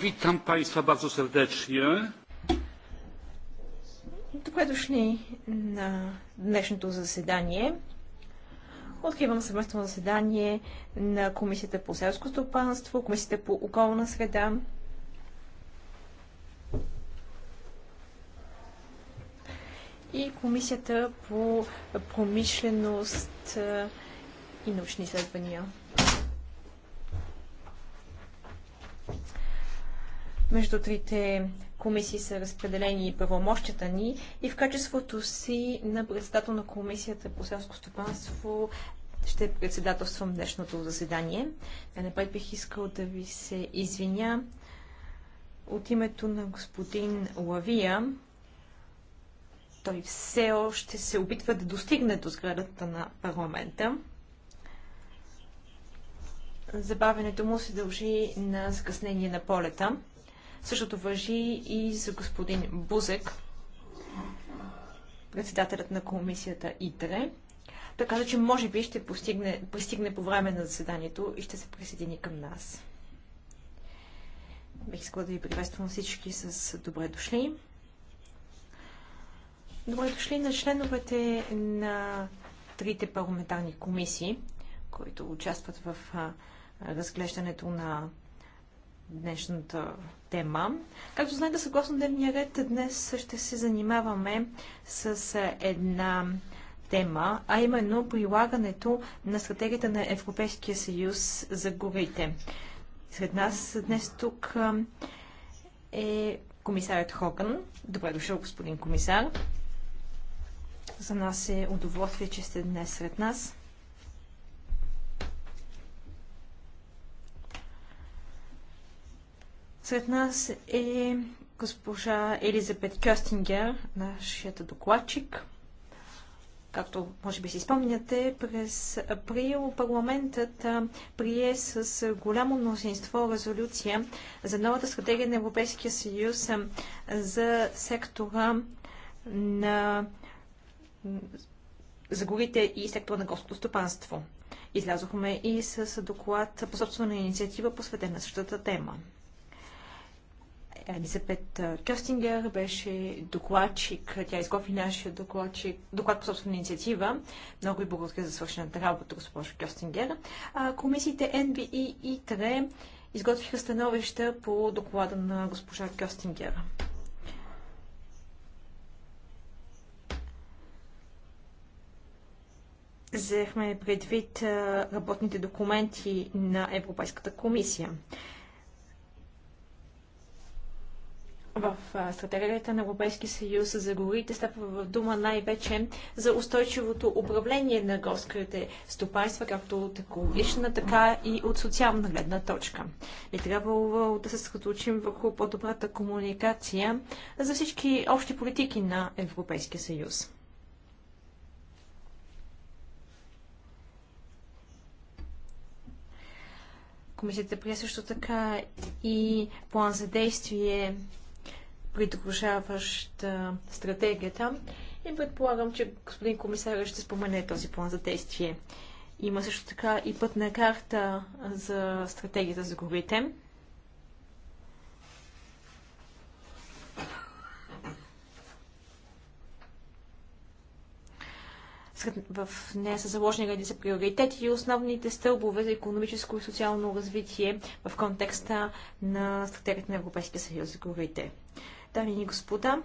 Witam Państwa bardzo serdecznie. Добре дошли на днешното заседание. Откривам съвместно заседание на Комисията по селско стопанство, Комисията по околна среда. И Комисията по промишленост и научни изследвания. Между трите комисии са разпределени правомощията ни и в качеството си на председател на Комисията по селско стопанство ще председателствам днешното заседание. Напред бих искал да ви се извиня от името на господин Лавия. Той все още се опитва да достигне до сградата на парламента. Забавенето му се дължи на закъснение на полета. Същото въжи и за господин Бузек, председателят на комисията ИТРЕ. Той каза, че може би ще постигне, постигне по време на заседанието и ще се присъедини към нас. Бих искала да ви приветствам всички с добре дошли. Добре дошли на членовете на трите парламентарни комисии, които участват в разглеждането на днешната тема. Както знаете, съгласно дневния ред, днес ще се занимаваме с една тема, а именно прилагането на стратегията на Европейския съюз за горите. Сред нас днес тук е комисарят Хоган. Добре дошъл, господин комисар. За нас е удоволствие, че сте днес сред нас. Сред нас е госпожа Елизабет Кюстингер, нашият докладчик. Както може би си спомняте, през април парламентът прие с голямо мнозинство резолюция за новата стратегия на Европейския съюз за сектора на за горите и сектора на горското стопанство. Излязохме и с доклад по собствена инициатива, посветена същата тема. Елизабет Кюстингер беше докладчик. Тя изготви нашия докладчик, доклад по собствена инициатива. Много ви благодаря за свършената работа, госпожо Кюстингер. комисиите NBI и ТРЕ изготвиха становища по доклада на госпожа Кюстингер. Взехме предвид работните документи на Европейската комисия. в стратегията на Европейски съюз за горите става в дума най-вече за устойчивото управление на горските стопанства, както от екологична, така и от социална гледна точка. И трябва да се съсредоточим върху по-добрата комуникация за всички общи политики на Европейския съюз. Комисията прие също така и план за действие придружаващ стратегията. И предполагам, че господин комисар ще спомене този план за действие. Има също така и пътна карта за стратегията за горите. В нея са заложени са приоритети и основните стълбове за економическо и социално развитие в контекста на стратегията на Европейския съюз за горите дами и господа.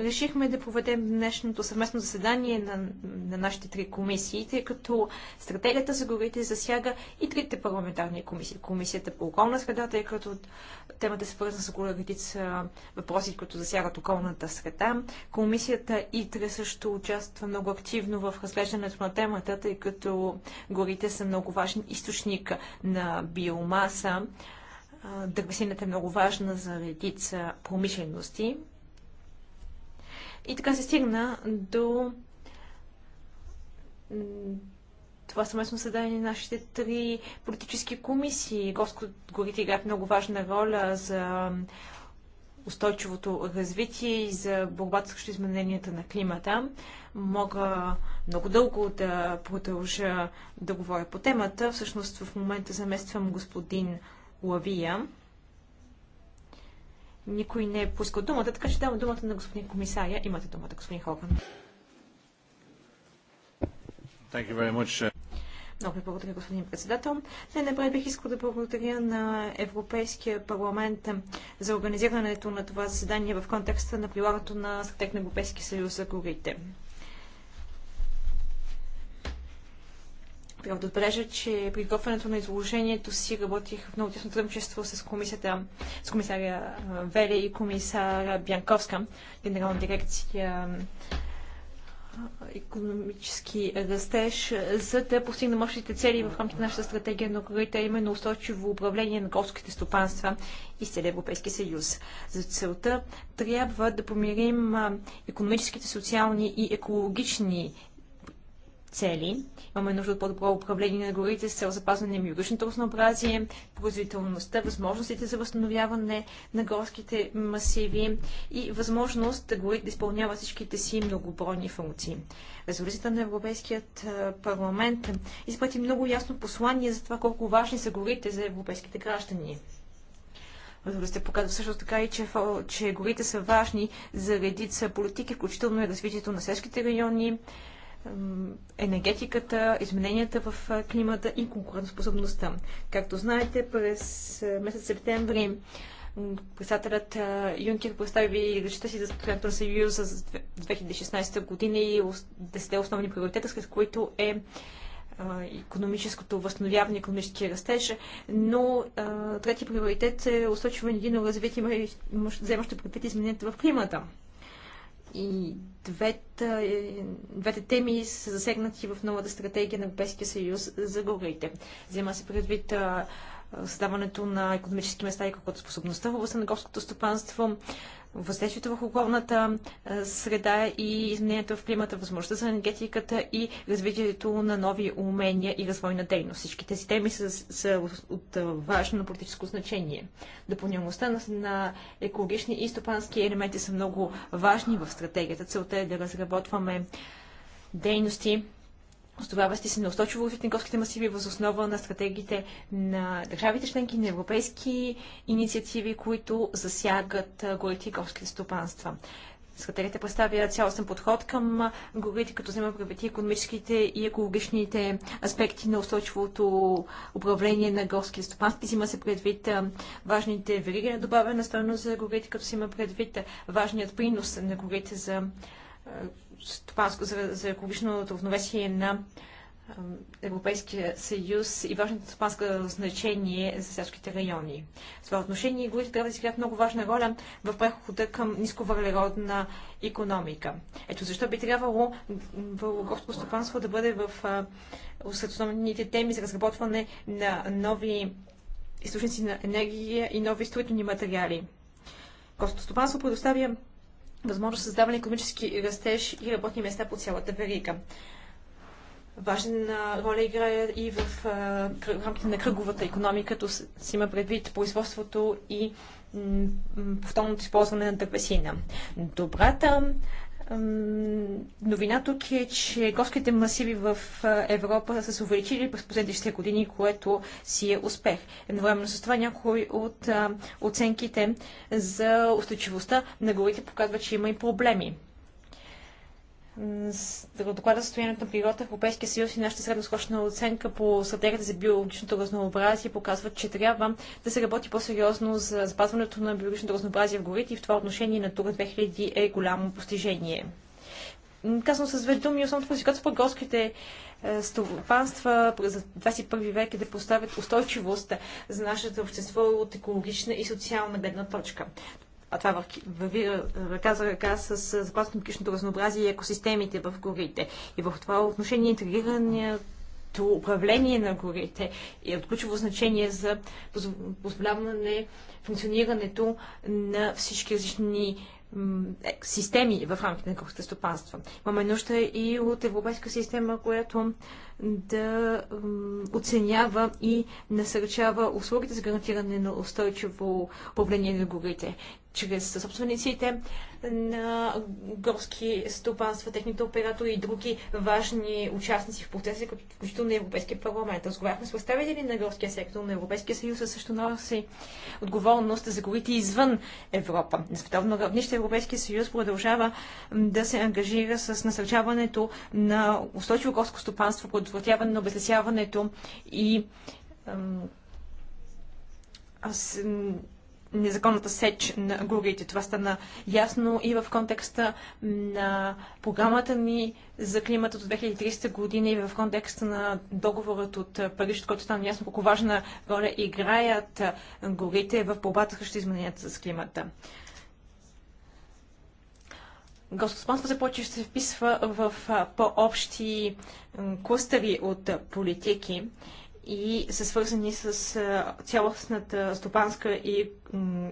Решихме да проведем днешното съвместно заседание на, на нашите три комисии, тъй като стратегията за горите засяга и трите парламентарни комисии. Комисията по околна среда, тъй като темата е свързана с редица въпроси, които засягат околната среда. Комисията ИТРЕ също участва много активно в разглеждането на темата, тъй като горите са много важен източник на биомаса дървесината е много важна за редица промишлености. И така се стигна до това съвместно съдание на нашите три политически комисии. Горско горите играят много важна роля за устойчивото развитие и за борбата срещу измененията на климата. Мога много дълго да продължа да говоря по темата. Всъщност в момента замествам господин Лавия. Никой не е пускал думата, така че давам думата на господин комисаря. Имате думата, господин Хоган. Uh, Много ви благодаря, господин председател. Не, напред бих искал да благодаря на Европейския парламент за организирането на това заседание в контекста на прилагането на стратег на Европейския съюз за горите. Трябва да отбележа, че при готвянето на изложението си работих в много тесно сътрудничество с комисията, с комисаря Вели и комисар Бянковска, генерална дирекция економически растеж, за да постигнем общите цели в рамките на нашата стратегия на горите, именно устойчиво управление на горските стопанства и целия Европейски съюз. За целта трябва да помирим економическите, социални и екологични цели. Имаме нужда от по-добро управление на горите с цел запазване на биологичното разнообразие, производителността, възможностите за възстановяване на горските масиви и възможност горите да изпълняват всичките си многобройни функции. Резолюцията на Европейският парламент изпрати много ясно послание за това колко важни са горите за европейските граждани. Резолюцията показва също така и, че, че горите са важни за редица политики, включително и развитието на селските райони, енергетиката, измененията в климата и конкурентоспособността. Както знаете, през месец септември председателят Юнкер представи речта си за Стоянто на Съюза за 2016 година и 10 основни приоритета, с които е економическото възстановяване, економически растеж, но третия приоритет е устойчиво енергийно развитие, вземащо предвид измененията в климата. И двете, двете теми са засегнати в новата стратегия на Европейския съюз за горите. Взема се предвид създаването на економически места и способността в областта на горското стопанство, въздействието върху околната среда и изменението в климата, възможността за енергетиката и развитието на нови умения и развойна дейност. Всички тези теми са, са от важно политическо значение. Допълнимостта на, на екологични и стопански елементи са много важни в стратегията. Целта е да разработваме дейности, Остававащи се на устойчиво развитие масиви въз основа на стратегиите на държавите членки на европейски инициативи, които засягат горите и горските стопанства. Стратегията представя цялостен подход към горите, като взема предвид економическите и екологичните аспекти на устойчивото управление на горските стопанства. Взима се предвид важните вериги на добавена стойност за горите, като се има предвид важният принос на горите за стопанско, за, за екологичното равновесие на Европейския съюз и важното стопанско значение за селските райони. В това отношение горите трябва да изиграят много важна роля в прехода към нисковъглеродна економика. Ето защо би трябвало горско стопанство да бъде в основните теми за разработване на нови източници на енергия и нови строителни материали. Горското стопанство предоставя възможност създаване на економически растеж и работни места по цялата верига. Важна роля играе и в, в рамките на кръговата економика, като си има предвид производството и повторното използване на дървесина. Добрата Новина тук е, че горските масиви в Европа са се увеличили през последните години, което си е успех. Едновременно с това някои от оценките за устойчивостта на горите показват, че има и проблеми доклада за състоянието на природата в Европейския съюз и нашата средносрочна оценка по стратегията за биологичното разнообразие показват, че трябва да се работи по-сериозно за запазването на биологичното разнообразие в горите и в това отношение на Тура 2000 е голямо постижение. Казано с две думи, основното по горските е, стопанства за 21 век е да поставят устойчивост за нашето общество от екологична и социална гледна точка а това е в ръка за ръка с запасното кишното разнообразие и екосистемите в горите. И в това отношение интегрираният управление на горите е от ключово значение за позволяване функционирането на всички различни е, системи в рамките на кухата стопанства. Имаме нужда и от европейска система, която да оценява и насърчава услугите за гарантиране на устойчиво управление на горите чрез собствениците, на горски стопанства, техните оператори и други важни участници в процеса, като включително на Европейския парламент. Разговаряхме с представители на горския сектор на Европейския съюз, а също носи отговорност за горите извън Европа. На световно равнище Европейския съюз продължава да се ангажира с насърчаването на устойчиво горско стопанство, предотвратяване на обезлесяването и аз незаконната сеч на горите. Това стана ясно и в контекста на програмата ни за климата от 2030 година и в контекста на договорът от Париж, от който стана ясно колко важна роля играят горите в борбата срещу измененията с климата. за започва ще се вписва в по-общи кластери от политики и са свързани с цялостната стопанска и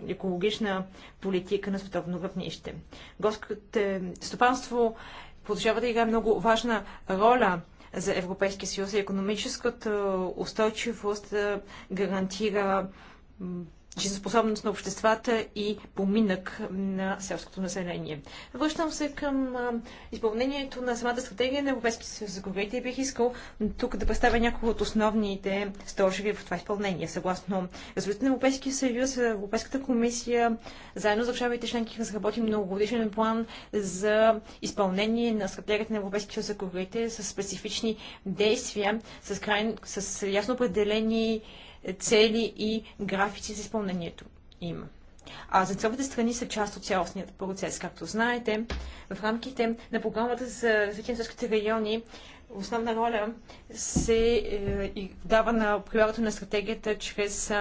екологична политика на световно равнище. Горското е, стопанство продължава да играе много важна роля за Европейския съюз и економическата устойчивост гарантира жизнеспособност на обществата и поминък на селското население. Връщам се към изпълнението на самата стратегия на Европейския съюз за горите и бих искал тук да представя някои от основните стожери в това изпълнение. Съгласно резолюцията на Европейския съюз, Европейската комисия заедно с държавите членки разработи многогодишен план за изпълнение на стратегията на Европейския съюз за горите с специфични действия, с, край... с ясно определени цели и графици за изпълнението им. А за целите страни са част от цялостният процес. Както знаете, в рамките на програмата за развитие на селските райони основна роля се е, дава на прилагането на стратегията чрез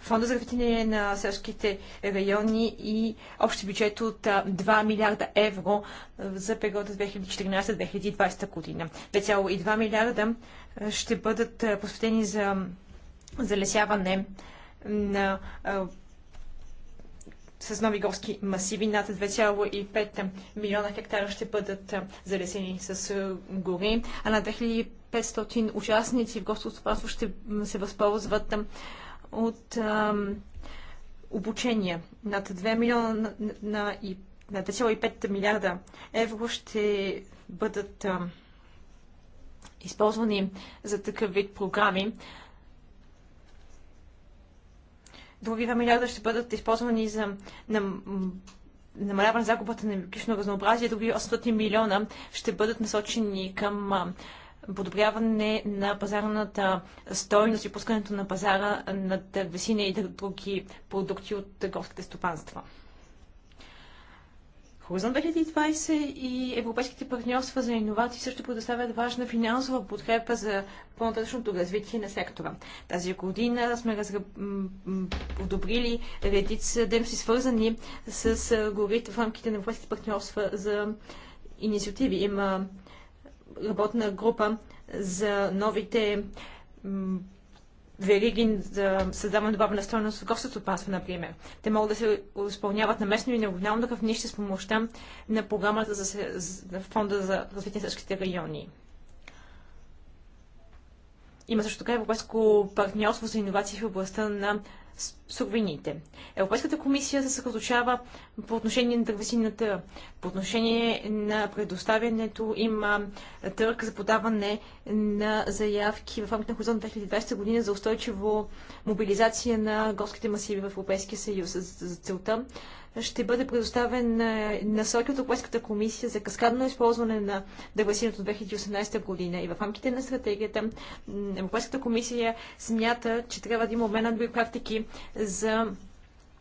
Фонда за развитие на селските райони и общ бюджет от 2 милиарда евро за периода 2014-2020 година. 2,2 милиарда ще бъдат посветени за залесяване на с нови горски масиви. Над 2,5 милиона хектара ще бъдат залесени с гори, а на 2500 участници в горското стопанство ще се възползват от ам, обучение. Над 2 милиона на, на, на 2,5 милиарда евро ще бъдат а, използвани за такъв вид програми други 2 милиарда ще бъдат използвани за намаляване на загубата на биологично разнообразие, други 800 милиона ще бъдат насочени към подобряване на пазарната стойност и пускането на пазара на дървесина и други продукти от търговските стопанства. Хоризонт 2020 и европейските партньорства за иновации също предоставят важна финансова подкрепа за по-нататъчното развитие на сектора. Тази година сме разръб... подобрили редица демси, свързани с горите в рамките на европейските партньорства за инициативи. Има работна група за новите вериги за създаване добавена стойност в горското стопанство, например. Те могат да се изпълняват на местно и на регионално равнище с помощта на програмата за, за фонда за развитие на същите райони. Има също така европейско партньорство за иновации в областта на суровините. Европейската комисия се съсредоточава по отношение на дървесината, по отношение на предоставянето има търг за подаване на заявки в рамките на Хоризонт 2020 година за устойчиво мобилизация на горските масиви в Европейския съюз. За целта ще бъде предоставен е, насоки от Европейската комисия за каскадно използване на дървесината от 2018 година. И в рамките на стратегията Европейската комисия смята, че трябва да има обмен на други практики за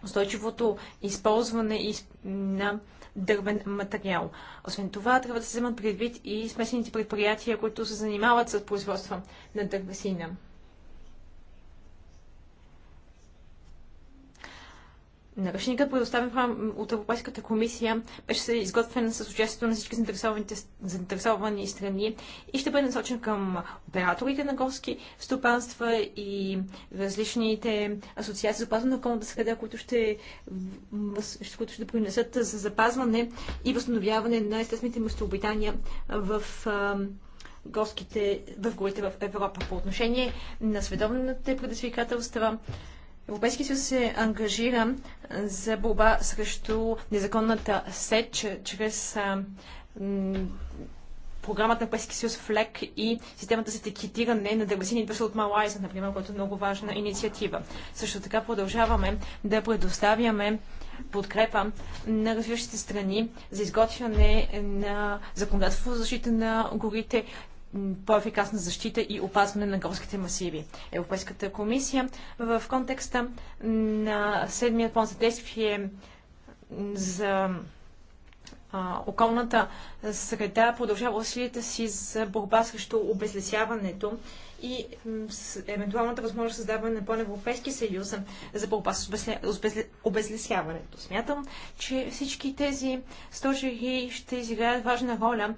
устойчивото използване на дървен материал. Освен това, трябва да се вземат предвид и смесените предприятия, които се занимават с производство на дървесина. Наръчникът, предоставен от Европейската комисия, беше изготвен с участието на всички заинтересовани страни и ще бъде насочен към операторите на горски стопанства и различните асоциации за опазване на околната среда, които ще, които ще принесат за запазване и възстановяване на естествените местообитания в горските, в горите в Европа. По отношение на световните предизвикателства, Европейския съюз се ангажира за борба срещу незаконната сеч чрез програмата на Европейския съюз ФЛЕК и системата за етикетиране на дървесини идваща от Малайза, например, което е много важна инициатива. Също така продължаваме да предоставяме подкрепа на развиващите страни за изготвяне на законодателство за защита на горите, по-ефикасна защита и опазване на горските масиви. Европейската комисия в контекста на седмият план за действие за околната среда продължава усилията си за борба срещу обезлесяването и евентуалната възможност създаване на по-европейски съюз за борба с обезлесяването. Смятам, че всички тези стожери ще изиграят важна роля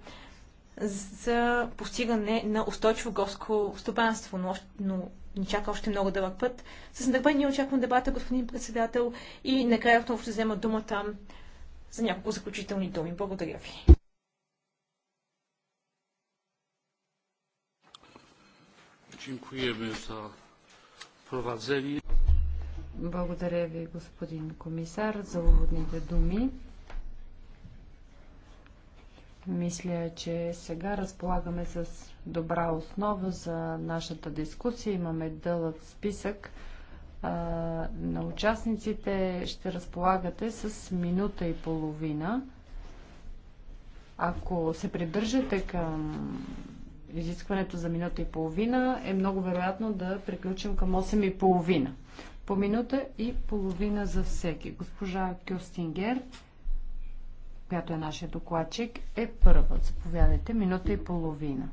за постигане на устойчиво горско стопанство, но, но ни чака още много дълъг път. С нетърпение очаквам дебата, господин председател, и накрая отново ще взема думата за няколко заключителни думи. Благодаря ви. Благодаря ви, господин комисар, за уводните думи. Мисля, че сега разполагаме с добра основа за нашата дискусия. Имаме дълъг списък а, на участниците. Ще разполагате с минута и половина. Ако се придържате към изискването за минута и половина, е много вероятно да приключим към 8 и половина. По минута и половина за всеки. Госпожа Кюстингер, която е нашия докладчик, е първа. Заповядайте, минута и половина.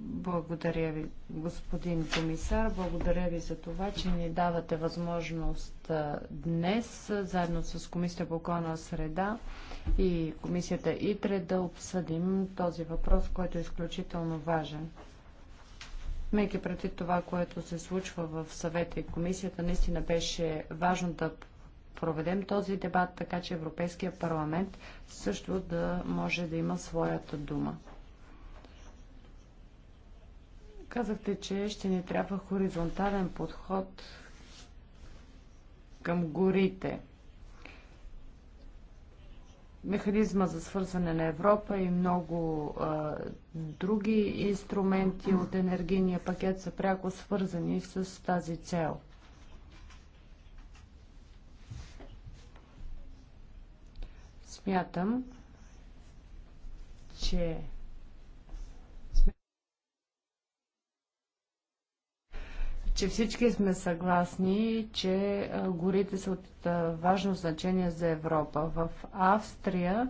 Благодаря ви, господин комисар. Благодаря ви за това, че ни давате възможност днес, заедно с Комисията по околна среда и Комисията ИТРЕ, да обсъдим този въпрос, който е изключително важен. Мейки преди това, което се случва в съвета и комисията, наистина беше важно да проведем този дебат, така че Европейския парламент също да може да има своята дума. Казахте, че ще ни трябва хоризонтален подход към горите. Механизма за свързване на Европа и много а, други инструменти от енергийния пакет са пряко свързани с тази цел. Смятам, че че всички сме съгласни, че горите са от важно значение за Европа. В Австрия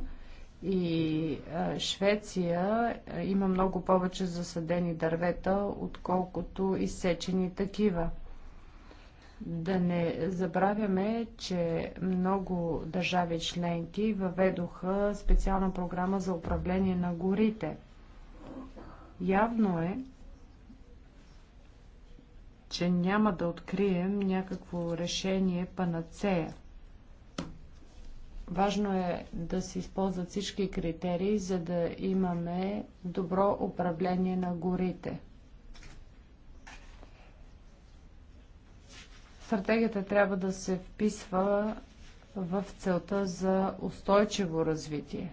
и Швеция има много повече засадени дървета, отколкото изсечени такива. Да не забравяме, че много държави членки въведоха специална програма за управление на горите. Явно е, че няма да открием някакво решение панацея. Важно е да се използват всички критерии, за да имаме добро управление на горите – Стратегията трябва да се вписва в целта за устойчиво развитие.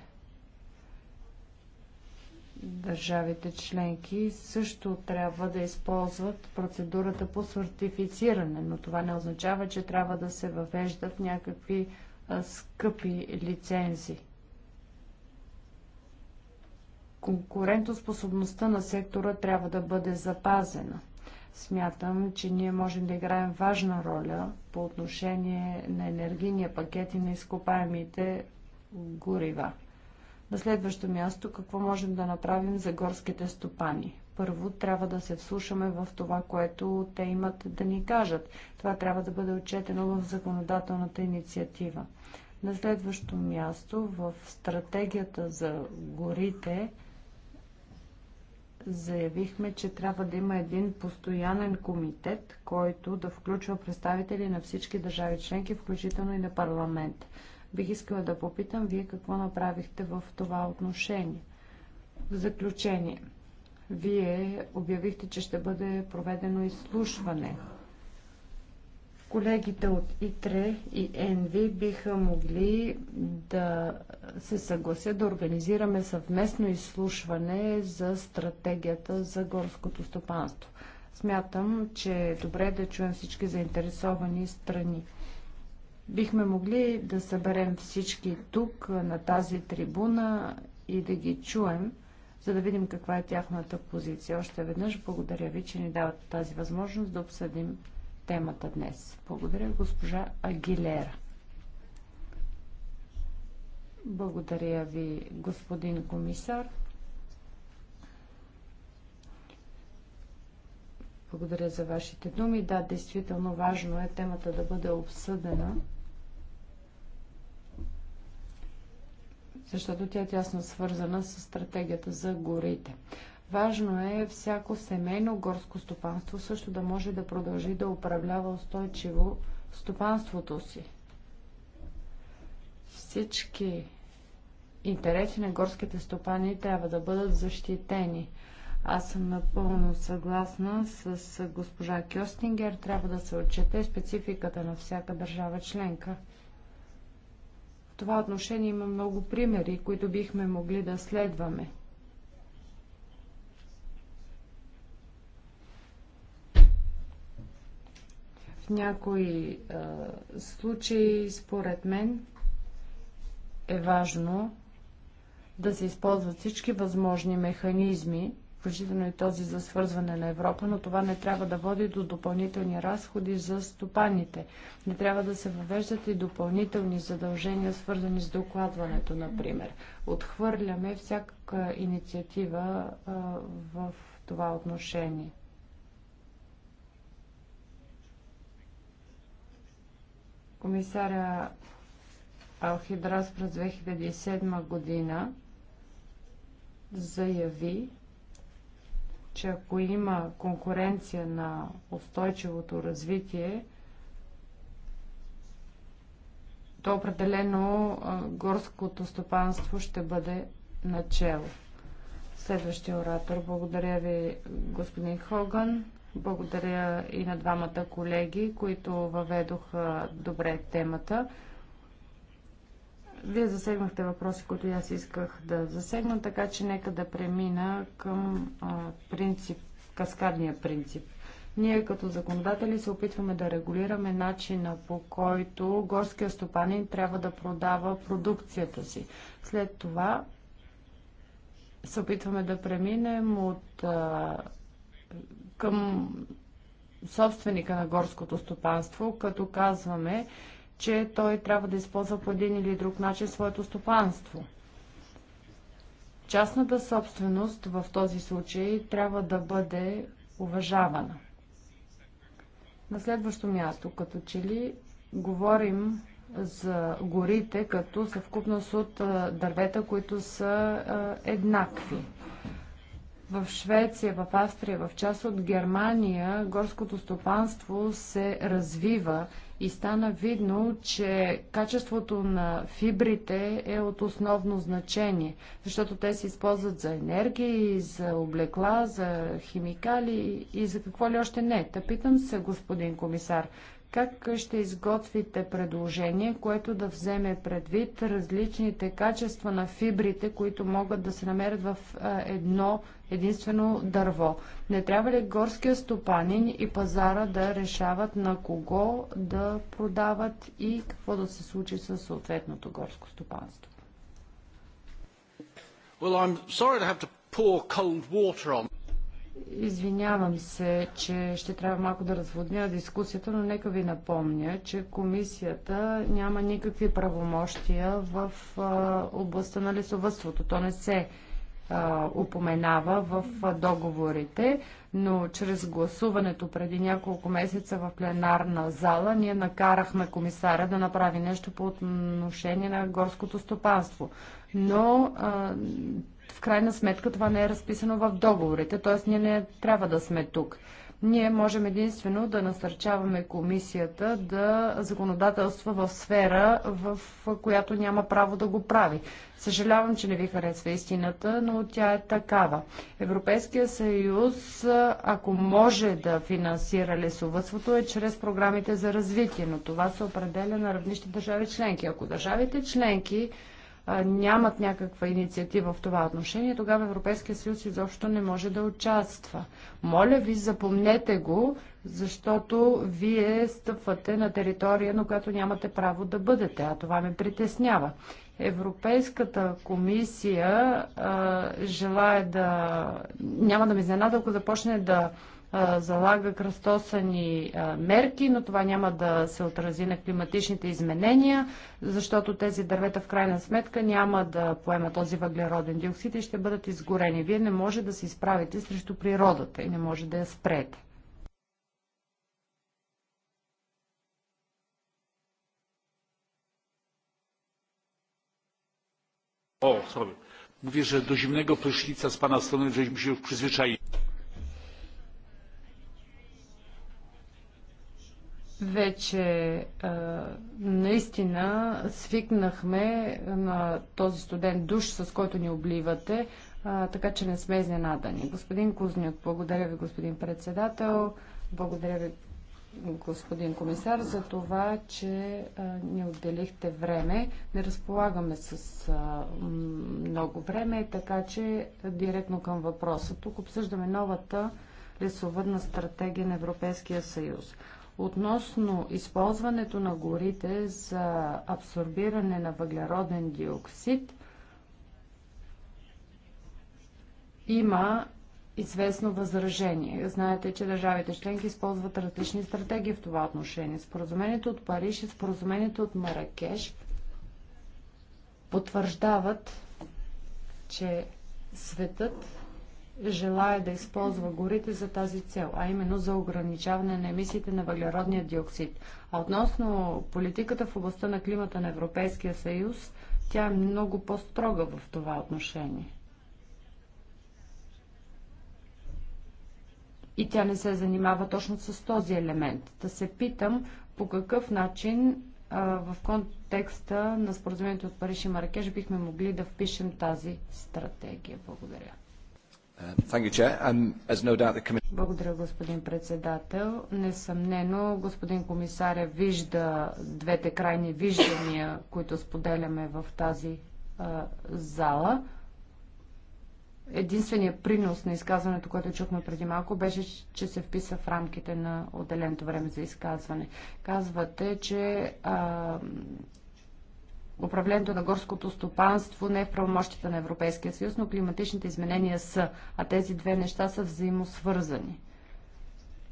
Държавите членки също трябва да използват процедурата по сертифициране, но това не означава, че трябва да се въвеждат някакви а, скъпи лицензи. Конкурентоспособността на сектора трябва да бъде запазена – Смятам, че ние можем да играем важна роля по отношение на енергийния пакет и на изкопаемите горива. На следващо място, какво можем да направим за горските стопани? Първо, трябва да се вслушаме в това, което те имат да ни кажат. Това трябва да бъде отчетено в законодателната инициатива. На следващо място, в стратегията за горите, заявихме, че трябва да има един постоянен комитет, който да включва представители на всички държави членки, включително и на парламент. Бих искала да попитам вие какво направихте в това отношение. В заключение, вие обявихте, че ще бъде проведено изслушване Колегите от ИТРЕ и ЕНВИ биха могли да се съгласят да организираме съвместно изслушване за стратегията за горското стопанство. Смятам, че е добре да чуем всички заинтересовани страни. Бихме могли да съберем всички тук на тази трибуна и да ги чуем, за да видим каква е тяхната позиция. Още веднъж благодаря ви, че ни давате тази възможност да обсъдим темата днес. Благодаря, госпожа Агилера. Благодаря ви, господин комисар. Благодаря за вашите думи. Да, действително важно е темата да бъде обсъдена, защото тя е тясно свързана с стратегията за горите. Важно е всяко семейно горско стопанство също да може да продължи да управлява устойчиво стопанството си. Всички интереси на горските стопани трябва да бъдат защитени. Аз съм напълно съгласна с госпожа Кьостингер. Трябва да се отчете спецификата на всяка държава членка. В това отношение има много примери, които бихме могли да следваме. В някои а, случаи, според мен, е важно да се използват всички възможни механизми, включително и този за свързване на Европа, но това не трябва да води до допълнителни разходи за стопаните. Не трябва да се въвеждат и допълнителни задължения, свързани с докладването, например. Отхвърляме всяка инициатива а, в това отношение. комисаря Алхидрас през 2007 година заяви, че ако има конкуренция на устойчивото развитие, то определено горското стопанство ще бъде начало. Следващия оратор. Благодаря ви, господин Хоган. Благодаря и на двамата колеги, които въведоха добре темата. Вие засегнахте въпроси, които аз исках да засегна, така че нека да премина към принцип, каскадния принцип. Ние като законодатели се опитваме да регулираме начина по който горския стопанин трябва да продава продукцията си. След това се опитваме да преминем от към собственика на горското стопанство, като казваме, че той трябва да използва по един или друг начин своето стопанство. Частната собственост в този случай трябва да бъде уважавана. На следващо място, като че ли говорим за горите като съвкупност от дървета, които са еднакви. В Швеция, в Австрия, в част от Германия горското стопанство се развива и стана видно, че качеството на фибрите е от основно значение, защото те се използват за енергия, за облекла, за химикали и за какво ли още не. Та питам се, господин комисар, как ще изготвите предложение, което да вземе предвид различните качества на фибрите, които могат да се намерят в едно единствено дърво? Не трябва ли горския стопанин и пазара да решават на кого да продават и какво да се случи с съответното горско стопанство? Well, I'm sorry to have to pour cold water on. Извинявам се, че ще трябва малко да разводня дискусията, но нека ви напомня, че комисията няма никакви правомощия в областта на лесовътството. То не се упоменава в договорите, но чрез гласуването преди няколко месеца в пленарна зала ние накарахме комисаря да направи нещо по отношение на горското стопанство. Но а, в крайна сметка това не е разписано в договорите, т.е. ние не трябва да сме тук. Ние можем единствено да насърчаваме комисията да законодателства в сфера, в която няма право да го прави. Съжалявам, че не ви харесва истината, но тя е такава. Европейския съюз, ако може да финансира лесовътството, е чрез програмите за развитие, но това се определя на равнище държави членки. Ако държавите членки нямат някаква инициатива в това отношение, тогава Европейския съюз изобщо не може да участва. Моля ви, запомнете го, защото вие стъпвате на територия, на която нямате право да бъдете, а това ме притеснява. Европейската комисия а, желая да... Няма да ми изненада, ако започне да, да залага кръстосани мерки, но това няма да се отрази на климатичните изменения, защото тези дървета в крайна сметка няма да поемат този въглероден диоксид и ще бъдат изгорени. Вие не може да се изправите срещу природата и не може да я спрете. O, sorry. Mówię, że do zimnego prysznica z Pana strony żeśmy się już przyzwyczaili. вече а, наистина свикнахме на този студент душ, с който ни обливате, а, така че не сме изненадани. Господин Кузняк, благодаря ви, господин председател, благодаря ви, господин комисар, за това, че а, ни отделихте време. Не разполагаме с а, много време, така че директно към въпроса. Тук обсъждаме новата лесовъдна стратегия на Европейския съюз. Относно използването на горите за абсорбиране на въглероден диоксид, има известно възражение. Знаете, че държавите членки използват различни стратегии в това отношение. Споразумението от Париж и споразумението от Маракеш потвърждават, че светът желая да използва горите за тази цел, а именно за ограничаване на емисиите на въглеродния диоксид. А относно политиката в областта на климата на Европейския съюз, тя е много по-строга в това отношение. И тя не се занимава точно с този елемент. Да се питам по какъв начин в контекста на споразумението от Париж и Маракеш бихме могли да впишем тази стратегия. Благодаря. Um, Благодаря, господин председател. Несъмнено, господин комисаря вижда двете крайни виждания, които споделяме в тази зала. Единственият принос на изказването, което чухме преди малко, беше, че се вписа в рамките на отделеното време за изказване. Казвате, че Управлението на горското стопанство не е в правомощите на Европейския съюз, но климатичните изменения са, а тези две неща са взаимосвързани.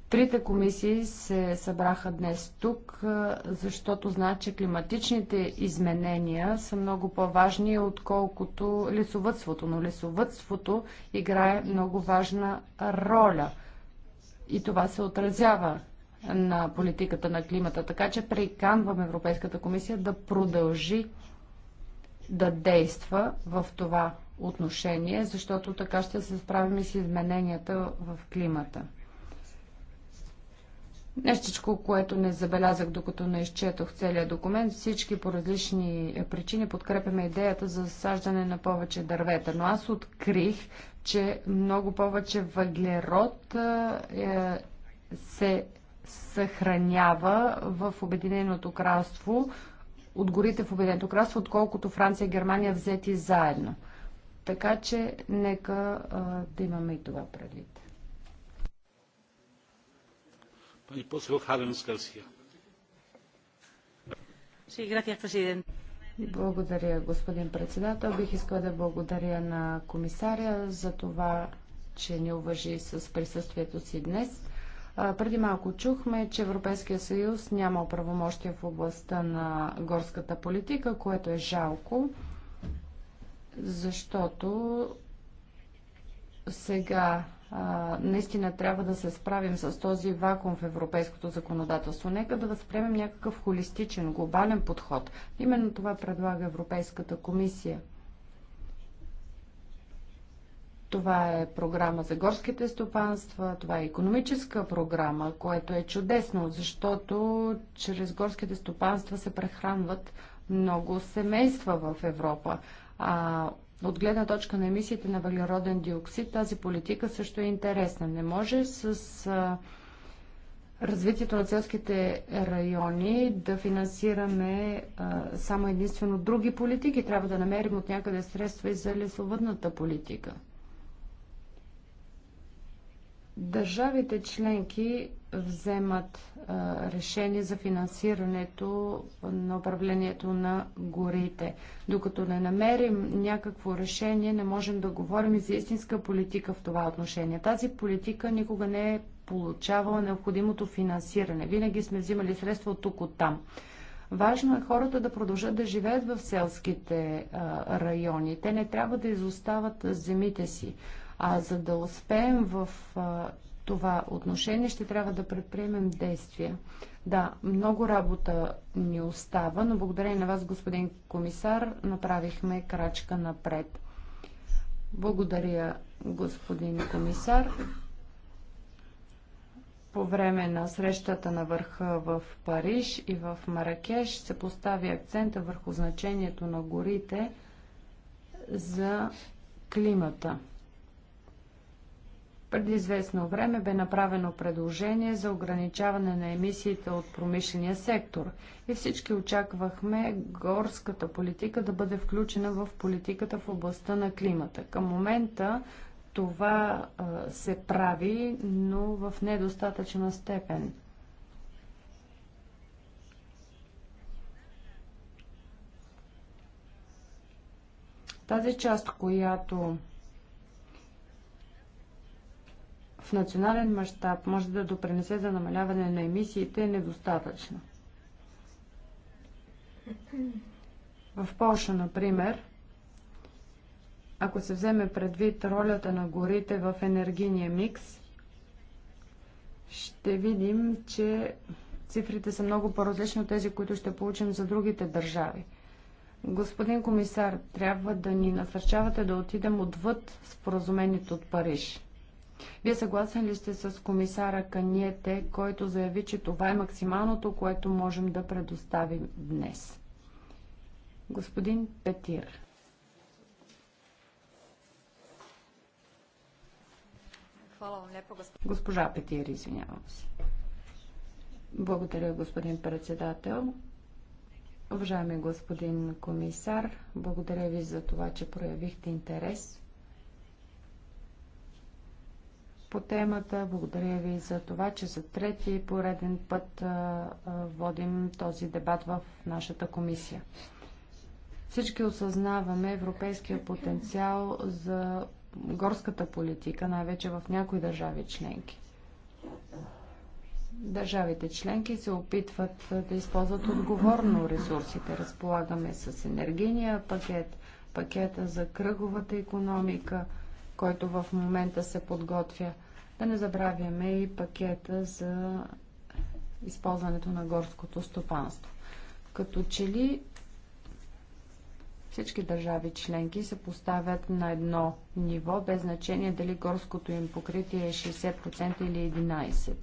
Трите комисии се събраха днес тук, защото знаят, че климатичните изменения са много по-важни, отколкото лесовътството. Но лесовътството играе много важна роля. И това се отразява на политиката на климата. Така че приканвам Европейската комисия да продължи да действа в това отношение, защото така ще се справим и с измененията в климата. Нещичко, което не забелязах, докато не изчетох целият документ, всички по различни причини подкрепяме идеята за засаждане на повече дървета. Но аз открих, че много повече въглерод е, се съхранява в Обединеното кралство, от горите в Обединеното кралство, отколкото Франция и Германия взети заедно. Така че нека а, да имаме и това предвид. Благодаря, господин председател. Бих искала да благодаря на комисаря за това, че ни уважи с присъствието си днес. Преди малко чухме, че Европейския съюз няма правомощия в областта на горската политика, което е жалко, защото сега а, наистина трябва да се справим с този вакуум в европейското законодателство. Нека да възприемем някакъв холистичен, глобален подход. Именно това предлага Европейската комисия – това е програма за горските стопанства, това е економическа програма, което е чудесно, защото чрез горските стопанства се прехранват много семейства в Европа. А от гледна точка на емисиите на въглероден диоксид, тази политика също е интересна. Не може с а, развитието на селските райони да финансираме а, само единствено други политики. Трябва да намерим от някъде средства и за лесовъдната политика. Държавите членки вземат а, решение за финансирането на управлението на горите. Докато не намерим някакво решение, не можем да говорим и за истинска политика в това отношение. Тази политика никога не е получавала необходимото финансиране. Винаги сме взимали средства от тук от там. Важно е хората да продължат да живеят в селските а, райони. Те не трябва да изостават земите си. А за да успеем в а, това отношение, ще трябва да предприемем действия. Да, много работа ни остава, но благодарение на вас, господин комисар, направихме крачка напред. Благодаря, господин комисар. По време на срещата на върха в Париж и в Маракеш се постави акцента върху значението на горите за климата. Преди известно време бе направено предложение за ограничаване на емисиите от промишления сектор и всички очаквахме горската политика да бъде включена в политиката в областта на климата. Към момента това а, се прави, но в недостатъчна степен. Тази част, която в национален мащаб може да допринесе за намаляване на емисиите е недостатъчна. В Польша, например, ако се вземе предвид ролята на горите в енергийния микс, ще видим, че цифрите са много по-различни от тези, които ще получим за другите държави. Господин комисар, трябва да ни насърчавате да отидем отвъд споразумението от Париж. Вие съгласен ли сте с комисара Каниете, който заяви, че това е максималното, което можем да предоставим днес? Господин Петир. Госпожа Петир, извинявам се. Благодаря, господин председател. Уважаеми господин комисар, благодаря ви за това, че проявихте интерес. по темата. Благодаря ви за това, че за трети пореден път водим този дебат в нашата комисия. Всички осъзнаваме европейския потенциал за горската политика, най-вече в някои държави членки. Държавите членки се опитват да използват отговорно ресурсите. Разполагаме с енергийния пакет, пакета за кръговата економика – който в момента се подготвя. Да не забравяме и пакета за използването на горското стопанство. Като че ли всички държави членки се поставят на едно ниво, без значение дали горското им покритие е 60% или 11%.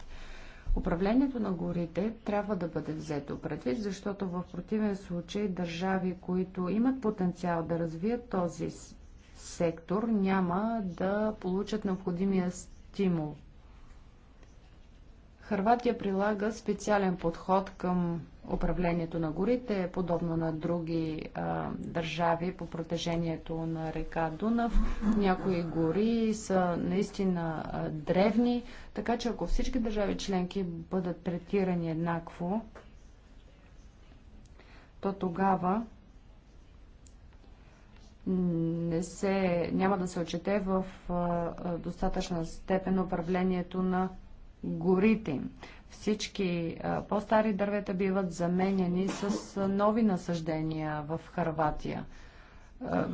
Управлението на горите трябва да бъде взето предвид, защото в противен случай държави, които имат потенциал да развият този сектор няма да получат необходимия стимул. Харватия прилага специален подход към управлението на горите, подобно на други а, държави по протежението на река Дунав. Някои гори са наистина а, древни, така че ако всички държави членки бъдат третирани еднакво, то тогава не се, няма да се отчете в достатъчна степен управлението на горите им. Всички по-стари дървета биват заменени с нови насъждения в Харватия.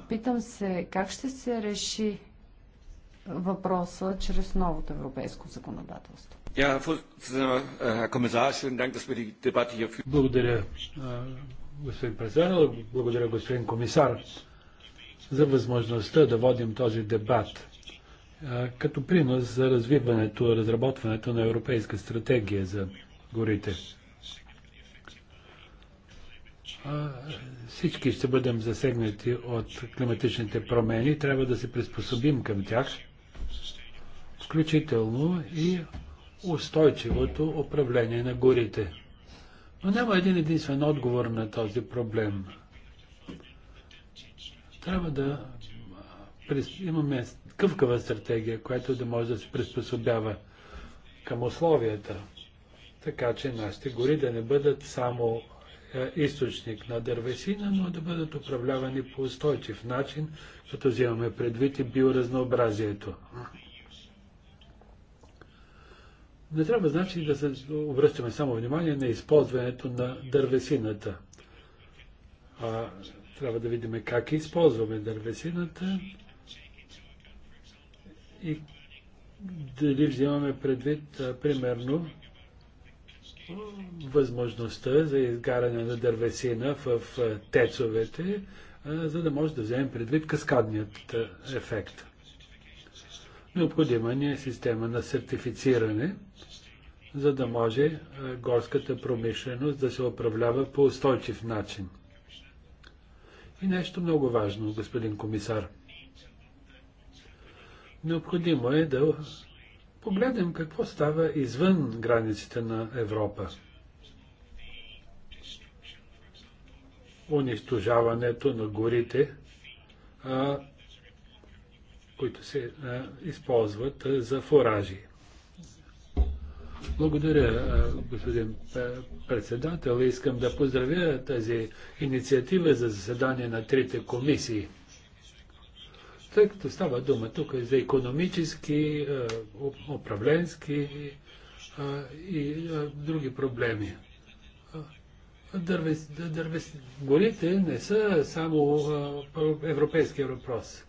Питам се, как ще се реши въпроса чрез новото европейско законодателство? Благодаря, господин председател. Благодаря, господин комисар за възможността да водим този дебат като принос за развиването, и разработването на европейска стратегия за горите. Всички ще бъдем засегнати от климатичните промени, трябва да се приспособим към тях, включително и устойчивото управление на горите. Но няма един единствен отговор на този проблем – трябва да имаме къвкава стратегия, която да може да се приспособява към условията, така че нашите гори да не бъдат само е, източник на дървесина, но да бъдат управлявани по устойчив начин, като взимаме предвид и биоразнообразието. Не трябва, значи, да се обръщаме само внимание на използването на дървесината. А, трябва да видим как използваме дървесината и дали взимаме предвид, примерно, възможността за изгаряне на дървесина в тецовете, за да може да вземем предвид каскадният ефект. Необходима ни е система на сертифициране, за да може горската промишленост да се управлява по устойчив начин. И нещо много важно, господин комисар. Необходимо е да погледнем какво става извън границите на Европа. Унищожаването на горите, а, които се а, използват а, за фуражи. Благодаря, господин председател. Искам да поздравя тази инициатива за заседание на трите комисии. Тъй като става дума тук за економически, управленски и други проблеми. Дървес, дървес, горите не са само европейски въпрос.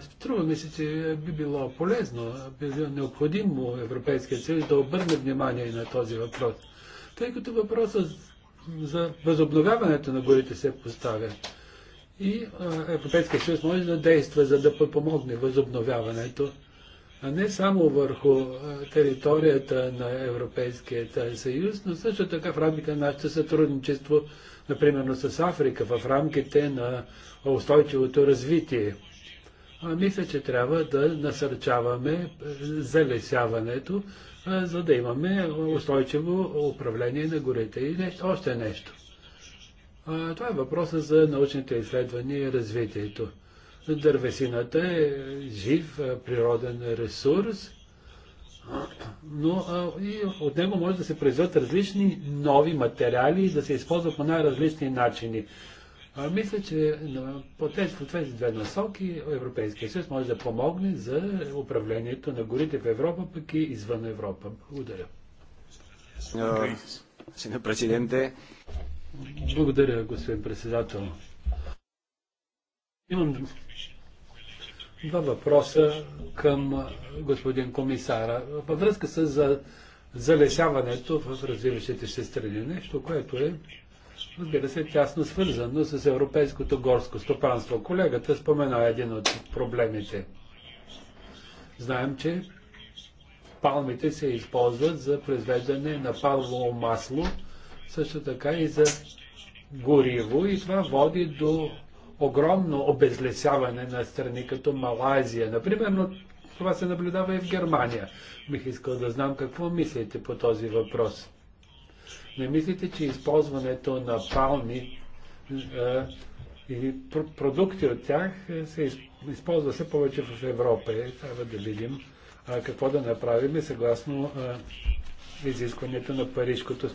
Струва е, ми се, че би било полезно, би било необходимо Европейския съюз да обърне внимание на този въпрос. Тъй като въпросът за възобновяването на горите се поставя. И е, Европейския съюз може да действа, за да подпомогне възобновяването, а не само върху е, територията на Европейския съюз, но също така в рамките на нашето сътрудничество, например, с Африка, в рамките на устойчивото развитие мисля, че трябва да насърчаваме е, залесяването, е, за да имаме устойчиво управление на горите. И нещо, още нещо. Това е въпроса за научните изследвания и развитието. Дървесината е жив е, природен ресурс, но а, и от него може да се произведат различни нови материали и да се използват по най-различни начини. А, мисля, че по тези, по тези две насоки Европейския съюз може да помогне за управлението на горите в Европа, пък и извън Европа. Благодаря. президенте. Благодаря, господин председател. Имам два въпроса към господин комисара във връзка с залесяването в развиващите се страни. Нещо, което е разбира се, тясно свързано с европейското горско стопанство. Колегата спомена един от проблемите. Знаем, че палмите се използват за произвеждане на палмово масло, също така и за гориво и това води до огромно обезлесяване на страни като Малайзия. Например, но това се наблюдава и в Германия. Бих искал да знам какво мислите по този въпрос. Не мислите, че използването на палми и продукти от тях е, се използва все повече в Европа. И е, трябва да видим какво да направим съгласно изискването на Парижкото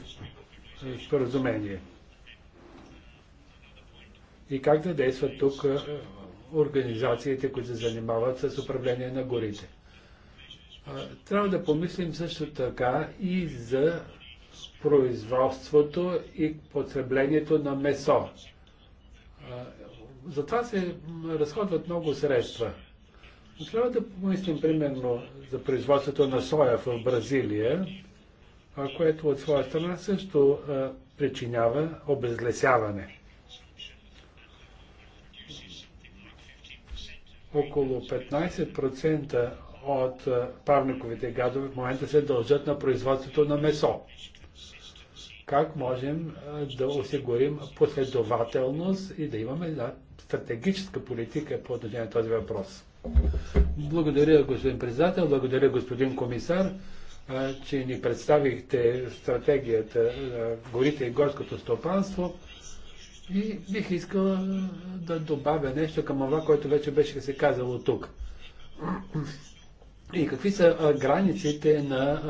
споразумение. И как да действат тук организациите, които се занимават с управление на горите. Трябва да помислим също така и за производството и потреблението на месо. Затова се разходват много средства. Но трябва да помислим примерно за производството на соя в Бразилия, което от своя страна също причинява обезлесяване. Около 15% от парниковите гадове в момента се дължат на производството на месо как можем да осигурим последователност и да имаме да, стратегическа политика по отношение на този въпрос. Благодаря, господин председател, благодаря, господин комисар, че ни представихте стратегията на горите и горското стопанство. И бих искал да добавя нещо към това, което вече беше се казало тук. И какви са границите на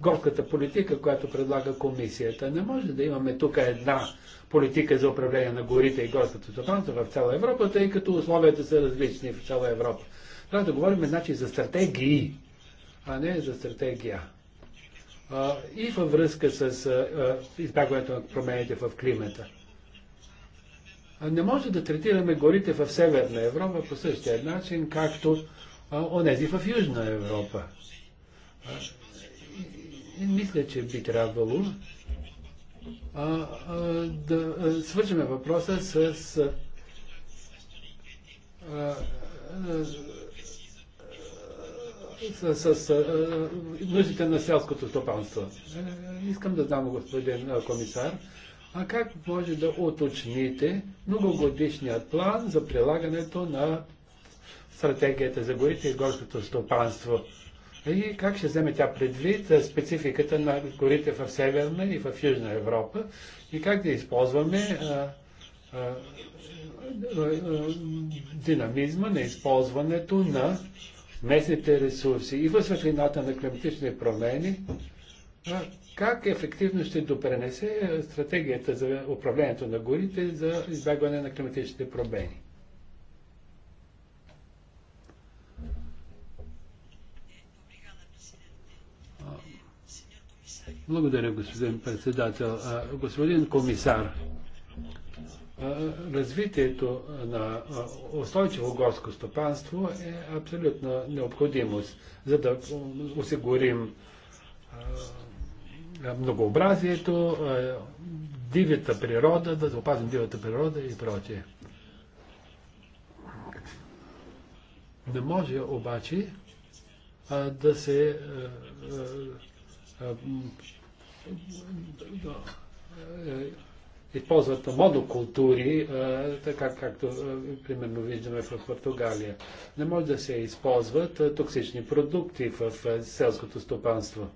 горката политика, която предлага комисията. Не може да имаме тук една политика за управление на горите и горската стопанство в цяла Европа, тъй като условията са различни в цяла Европа. Трябва да говорим значи, за стратегии, а не за стратегия. А, и във връзка с а, избягването на промените в климата. А не може да третираме горите в Северна Европа по същия начин, както онези в Южна Европа мисля, че би трябвало а, а, да свържеме въпроса с а, а, с, с, с нуждите на селското стопанство. Е, искам да знам, господин комисар, а как може да уточните многогодишният план за прилагането на стратегията за горите и горското стопанство? и как ще вземе тя предвид спецификата на горите в Северна и в Южна Европа и как да използваме а, а, динамизма на използването на местните ресурси и в светлината на климатични промени, а, как ефективно ще допренесе стратегията за управлението на горите за избягване на климатичните промени. Благодаря, господин председател. Господин комисар, развитието на устойчиво горско стопанство е абсолютна необходимост, за да осигурим многообразието, дивата природа, да запазим дивата природа и прочее. Не може обаче да се е, използват монокултури, е, така както е, примерно виждаме в Португалия. Не може да се използват токсични продукти в селското стопанство.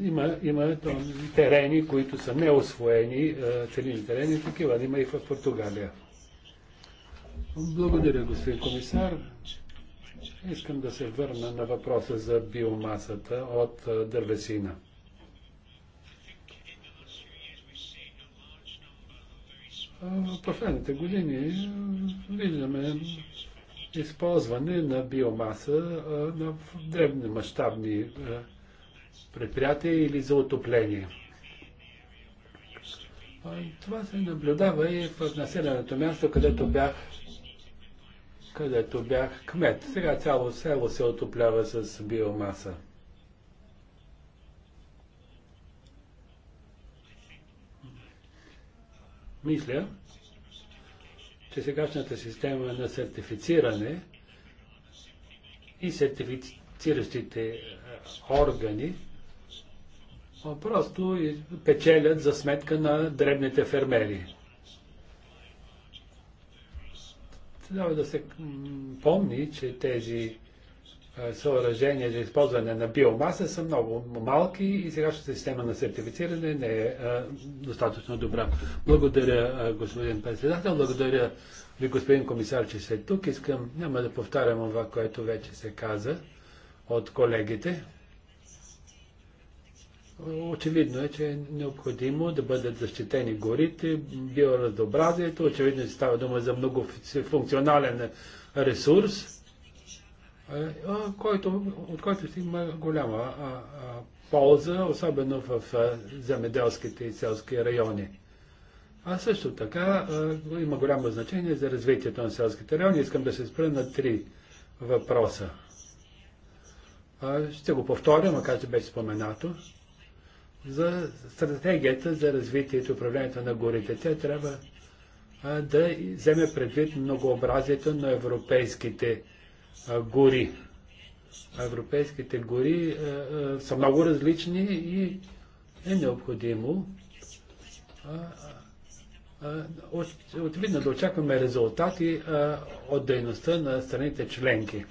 има, има терени, които са неосвоени, целини терени, такива има и в Португалия. Благодаря, господин комисар. Искам да се върна на въпроса за биомасата от дървесина. В последните години виждаме използване на биомаса на древни мащабни предприятия или за отопление. Това се наблюдава и в населеното място, където бях където бях кмет. Сега цяло село се отоплява с биомаса. Мисля, че сегашната система на сертифициране и сертифициращите органи просто печелят за сметка на дребните фермери. Трябва да се помни, че тези съоръжения за използване на биомаса са много малки и сегашната система на сертифициране не е достатъчно добра. Благодаря, господин председател. Благодаря ви, господин комисар, че сте тук. Искам, няма да повтарям това, което вече се каза от колегите. Очевидно е, че е необходимо да бъдат защитени горите, биоразнообразието. Очевидно, е, че става дума за многофункционален ресурс, е, който, от който ще има голяма полза, особено в земеделските и селски райони. А също така има голямо значение за развитието на селските райони. Искам да се спра на три въпроса. Ще го повторя, макар че беше споменато за стратегията за развитието и управлението на горите. Тя трябва а, да вземе предвид многообразието на европейските а, гори. Европейските гори а, са много различни и е необходимо видно да очакваме резултати от дейността на страните членки.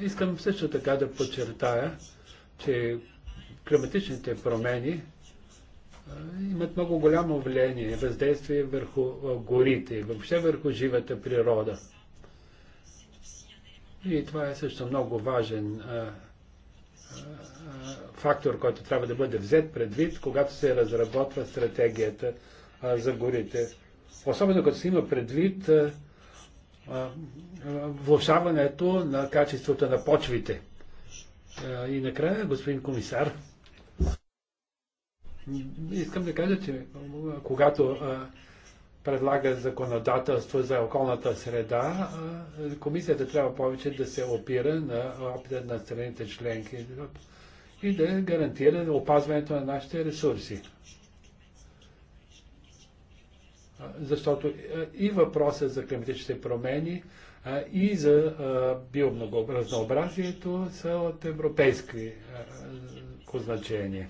Искам също така да подчертая, че климатичните промени имат много голямо влияние, въздействие върху горите и въобще върху живата природа. И това е също много важен фактор, който трябва да бъде взет предвид, когато се разработва стратегията за горите. Особено като се има предвид а, влушаването на качеството на почвите. И накрая, господин комисар, искам да кажа, че когато предлага законодателство за околната среда, комисията трябва повече да се опира на опита на страните членки и да гарантира опазването на нашите ресурси защото е, и въпроса за климатичните промени и за биоразнообразието са от европейски значение.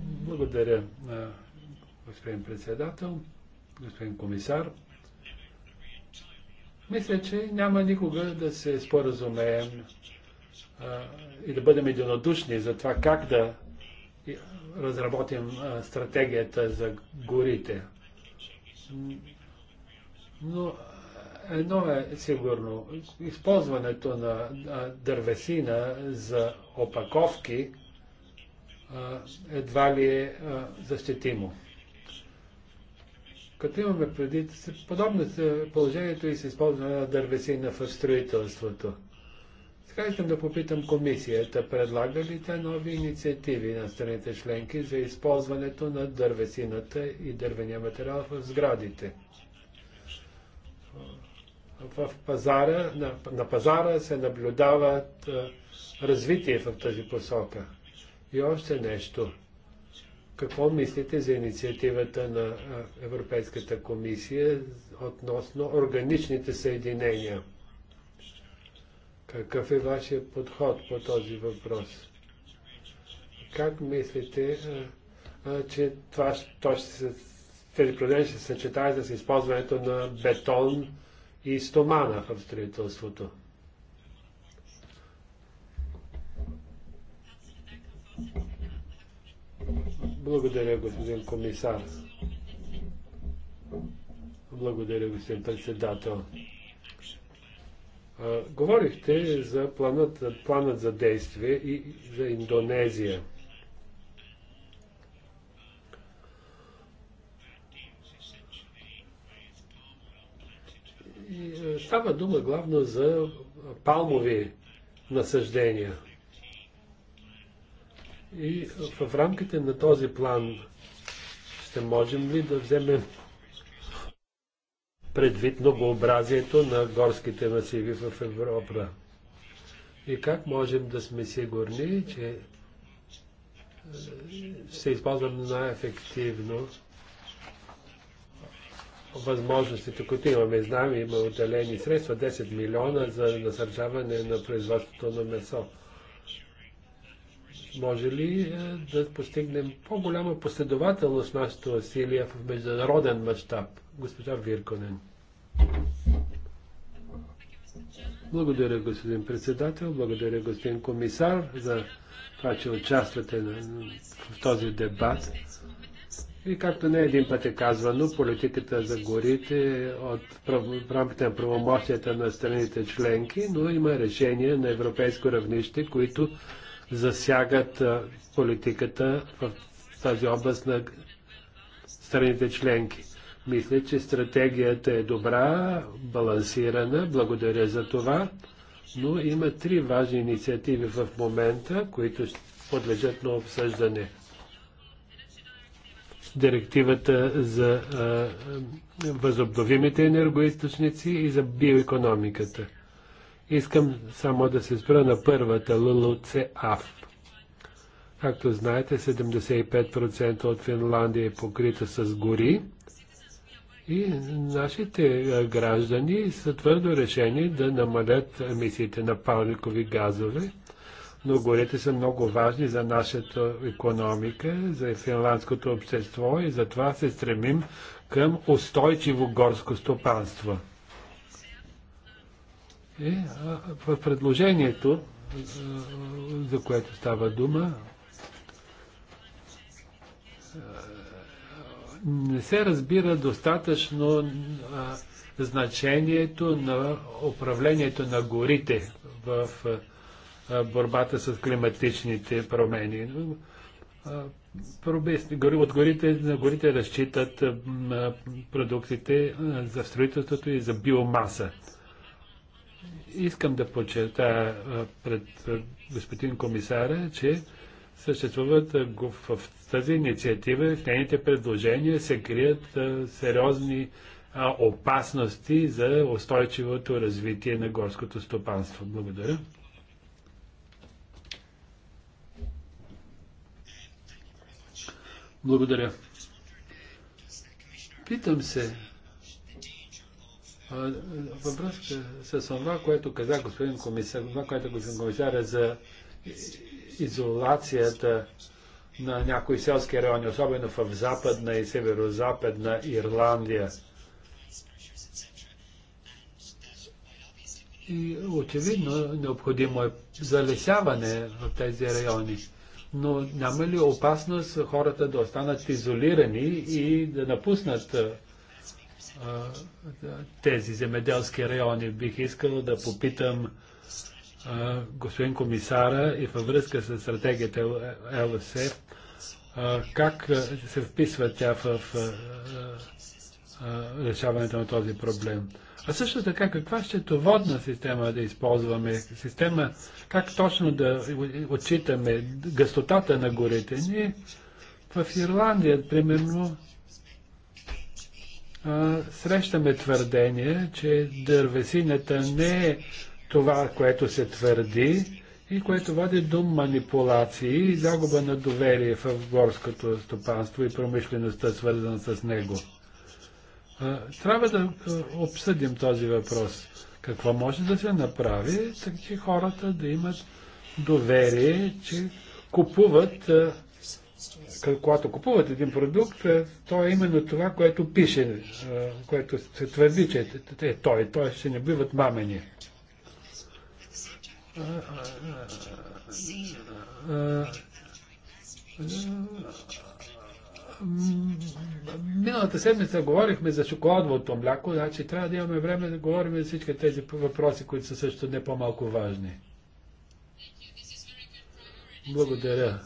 Благодаря, господин председател, господин комисар. Мисля, че няма никога да се споразумеем и да бъдем единодушни за това как да разработим стратегията за горите. Но едно е сигурно. Използването на дървесина за опаковки едва ли е защитимо. Като имаме преди, подобно положението и с използване на дървесина в строителството – сега искам да попитам комисията, предлага ли те нови инициативи на страните членки за използването на дървесината и дървения материал в сградите? В пазара, на, на пазара се наблюдават развитие в тази посока. И още нещо. Какво мислите за инициативата на Европейската комисия относно органичните съединения? Какъв е вашия подход по този въпрос? Как мислите, че това, то ще се, тези проблеми ще се съчетае с използването на бетон и стомана в строителството? Благодаря, господин комисар. Благодаря, господин председател. Говорихте за планът, планът за действие и за Индонезия. И става дума главно за палмови насъждения. И в рамките на този план ще можем ли да вземем предвид многообразието на горските масиви в Европа. И как можем да сме сигурни, че е, се използваме най-ефективно възможностите, които имаме. Знаем, има отделени средства, 10 милиона за насърчаване на производството на месо може ли е, да постигнем по-голяма последователност нашите усилия в международен мащаб? Госпожа Вирконен. Благодаря, господин председател, благодаря, господин комисар, за това, че участвате в този дебат. И както не един път е казвано, политиката за горите от в рамките на правомощията на страните членки, но има решения на европейско равнище, които засягат политиката в тази област на страните членки. Мисля, че стратегията е добра, балансирана, благодаря за това, но има три важни инициативи в момента, които подлежат на обсъждане. Директивата за а, възобновимите енергоисточници и за биоекономиката. Искам само да се спра на първата Аф. Както знаете, 75% от Финландия е покрита с гори и нашите е, граждани са твърдо решени да намалят емисиите на палникови газове, но горите са много важни за нашата економика, за финландското общество и затова се стремим към устойчиво горско стопанство. И е, в предложението, за което става дума, не се разбира достатъчно значението на управлението на горите в борбата с климатичните промени. От горите, на горите разчитат продуктите за строителството и за биомаса. Искам да подчертая пред господин комисаря, че съществуват в тази инициатива, в нейните предложения се крият сериозни опасности за устойчивото развитие на горското стопанство. Благодаря. Благодаря. Питам се, във връзка с това, което каза господин комисар, това, което господин е за изолацията на някои селски райони, особено в западна и северо-западна Ирландия. И очевидно необходимо е залесяване в тези райони. Но няма ли опасност хората да останат изолирани и да напуснат тези земеделски райони. Бих искал да попитам господин комисара и във връзка с стратегията ЛСЕ, как се вписва тя в решаването на този проблем. А също така, каква щетоводна система да използваме? Система, как точно да отчитаме гъстотата на горите? Ние в Ирландия, примерно, срещаме твърдение, че дървесината не е това, което се твърди и което води до манипулации и загуба на доверие в горското стопанство и промишлеността, свързана с него. Трябва да обсъдим този въпрос. Какво може да се направи, така че хората да имат доверие, че купуват когато купуват един продукт, е, то е именно това, което пише, е, което се твърди, че е, е той. Той ще не биват мамени. Миналата седмица говорихме за шоколадовото мляко, значи трябва да имаме време да говорим за всички тези въпроси, които са също не по-малко важни. Благодаря.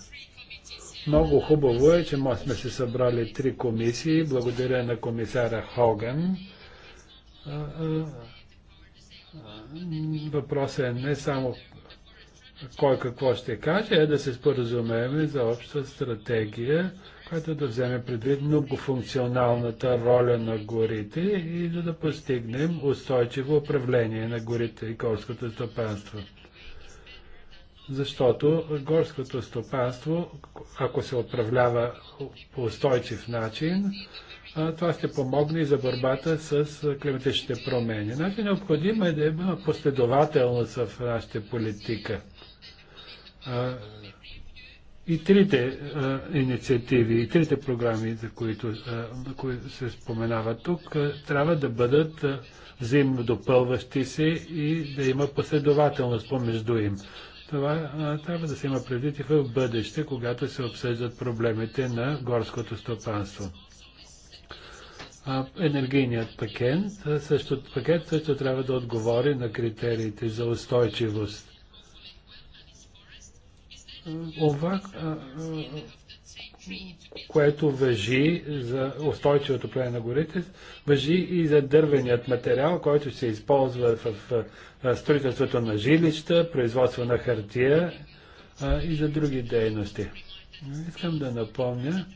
Много хубаво е, че сме се събрали три комисии. Благодаря на комисара Хоган. Въпросът е не само кой какво ще каже, е да се споразумеем за обща стратегия, която да вземе предвид многофункционалната роля на горите и да, да постигнем устойчиво управление на горите и горското стопанство защото горското стопанство, ако се управлява по устойчив начин, това ще помогне и за борбата с климатичните промени. Значи необходимо е да има последователност в нашата политика. И трите инициативи, и трите програми, за които, които се споменава тук, трябва да бъдат взаимно допълващи се и да има последователност помежду им. Това а, трябва да се има предвид и в бъдеще, когато се обсъждат проблемите на горското стопанство. А, енергийният пакет също, пакет също трябва да отговори на критериите за устойчивост. Ова, което въжи за устойчивото плене на горите, въжи и за дървеният материал, който се използва в строителството на жилища, производство на хартия и за други дейности. Искам да напомня,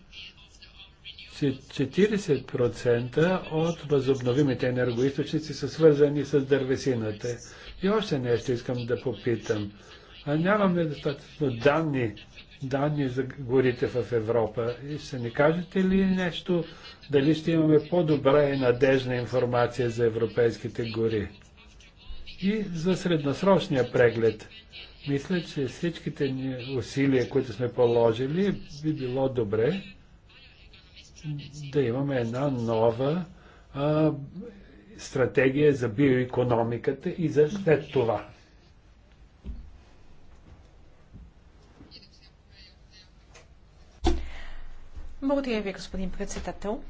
че 40% от възобновимите енергоисточници са свързани с дървесината. И още нещо искам да попитам. А нямаме достатъчно данни данни за горите в Европа. И ще ни кажете ли нещо, дали ще имаме по-добра и надежна информация за европейските гори? И за средносрочния преглед. Мисля, че всичките ни усилия, които сме положили, би било добре да имаме една нова а, стратегия за биоекономиката и за след това. Благодаря ви, господин председател.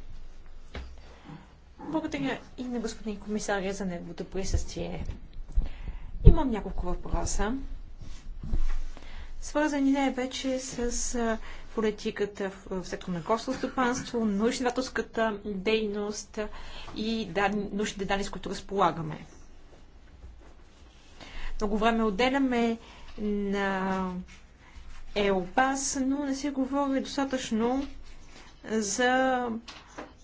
Благодаря и на господин комисаря за неговото присъствие. Имам няколко въпроса, свързани не вече с политиката в сектор на горско стопанство, научно-изследователската дейност и научните данни, с които разполагаме. Много време отделяме на ЕОПАС, но не се говори достатъчно за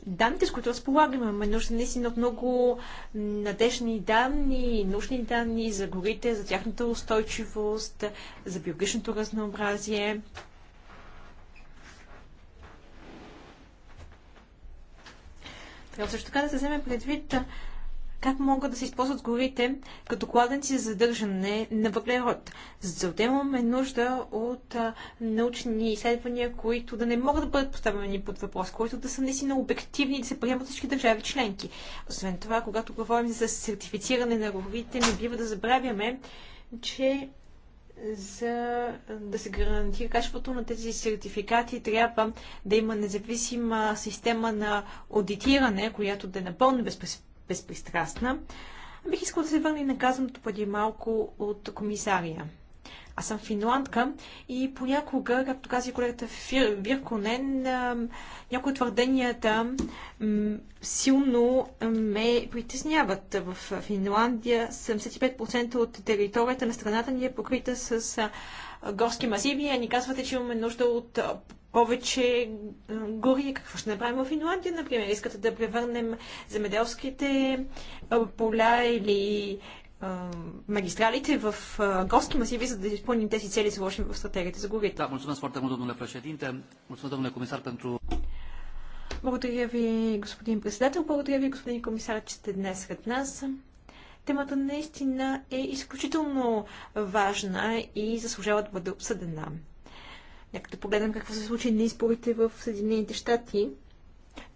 данните, с които разполагаме. Имаме нужда наистина от много надежни данни, нужни данни за горите, за тяхната устойчивост, за биологичното разнообразие. Трябва също така да се вземе предвид как могат да се използват горите като кладенци за задържане на въглерод. За да имаме нужда от а, научни изследвания, които да не могат да бъдат поставени под въпрос, които да са наистина обективни и да се приемат всички държави членки. Освен това, когато говорим за сертифициране на горите, не бива да забравяме, че за да се гарантира качеството на тези сертификати, трябва да има независима система на аудитиране, която да е напълно безпрес безпристрастна. Бих искала да се върна и на казаното преди малко от комисария. Аз съм финландка и понякога, както каза колегата Вирконен, някои твърденията силно ме притесняват. В Финландия 75% от територията на страната ни е покрита с горски масиви, а ни казвате, че имаме нужда от повече е, гори. Какво ще направим в Финландия, например? Искате да превърнем земеделските е, поля или е, магистралите в горски масиви, за да изпълним тези цели, заложени в стратегията за горите. Да, mulțumesc с mult, domnule președinte. Mulțumesc, domnule комисар, pentru... Благодаря ви, господин председател. Благодаря ви, господин комисар, че сте днес сред нас. Темата наистина е изключително важна и заслужава да бъде обсъдена. Нека да погледнем какво се случи на изборите в Съединените щати.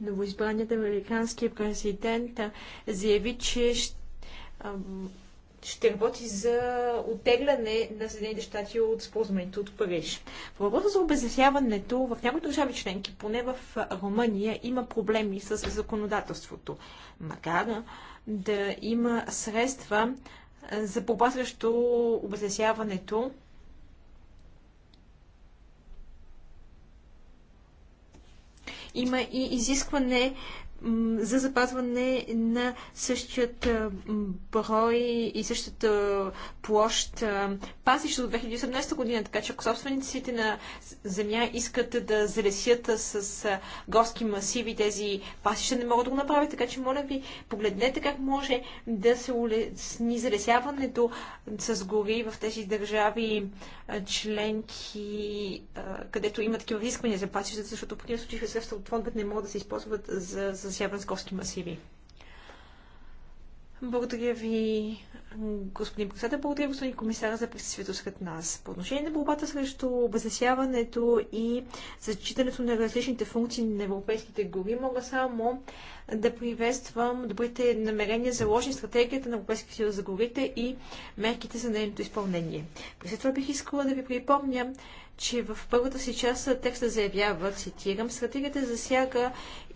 Новоизбраният американски президент заяви, че ще, ще работи за отегляне на Съединените щати от използването от Париж. По за обезясяването, в някои държави членки, поне в Румъния, има проблеми с законодателството. Макар да има средства за борба срещу обезлесяването, има и изискване за запазване на същият брой и същата площ пасище от 2018 година. Така че ако собствениците на земя искат да залесят с горски масиви тези пасища, не могат да го направят. Така че, моля ви, погледнете как може да се улесни залесяването с гори в тези държави членки, където има такива изисквания за пасищата, защото в противен случай средства от фондът не могат да се използват за, за засяват с горски масиви. Благодаря ви, господин председател. Благодаря, господин комисар, за присъствието сред нас. По отношение на борбата срещу обезлесяването и зачитането на различните функции на европейските гори, мога само да приветствам добрите намерения за в стратегията на Европейския съюз за горите и мерките за нейното изпълнение. При това бих искала да ви припомня, че в първата си част текста заявява, цитирам, стратегията засяга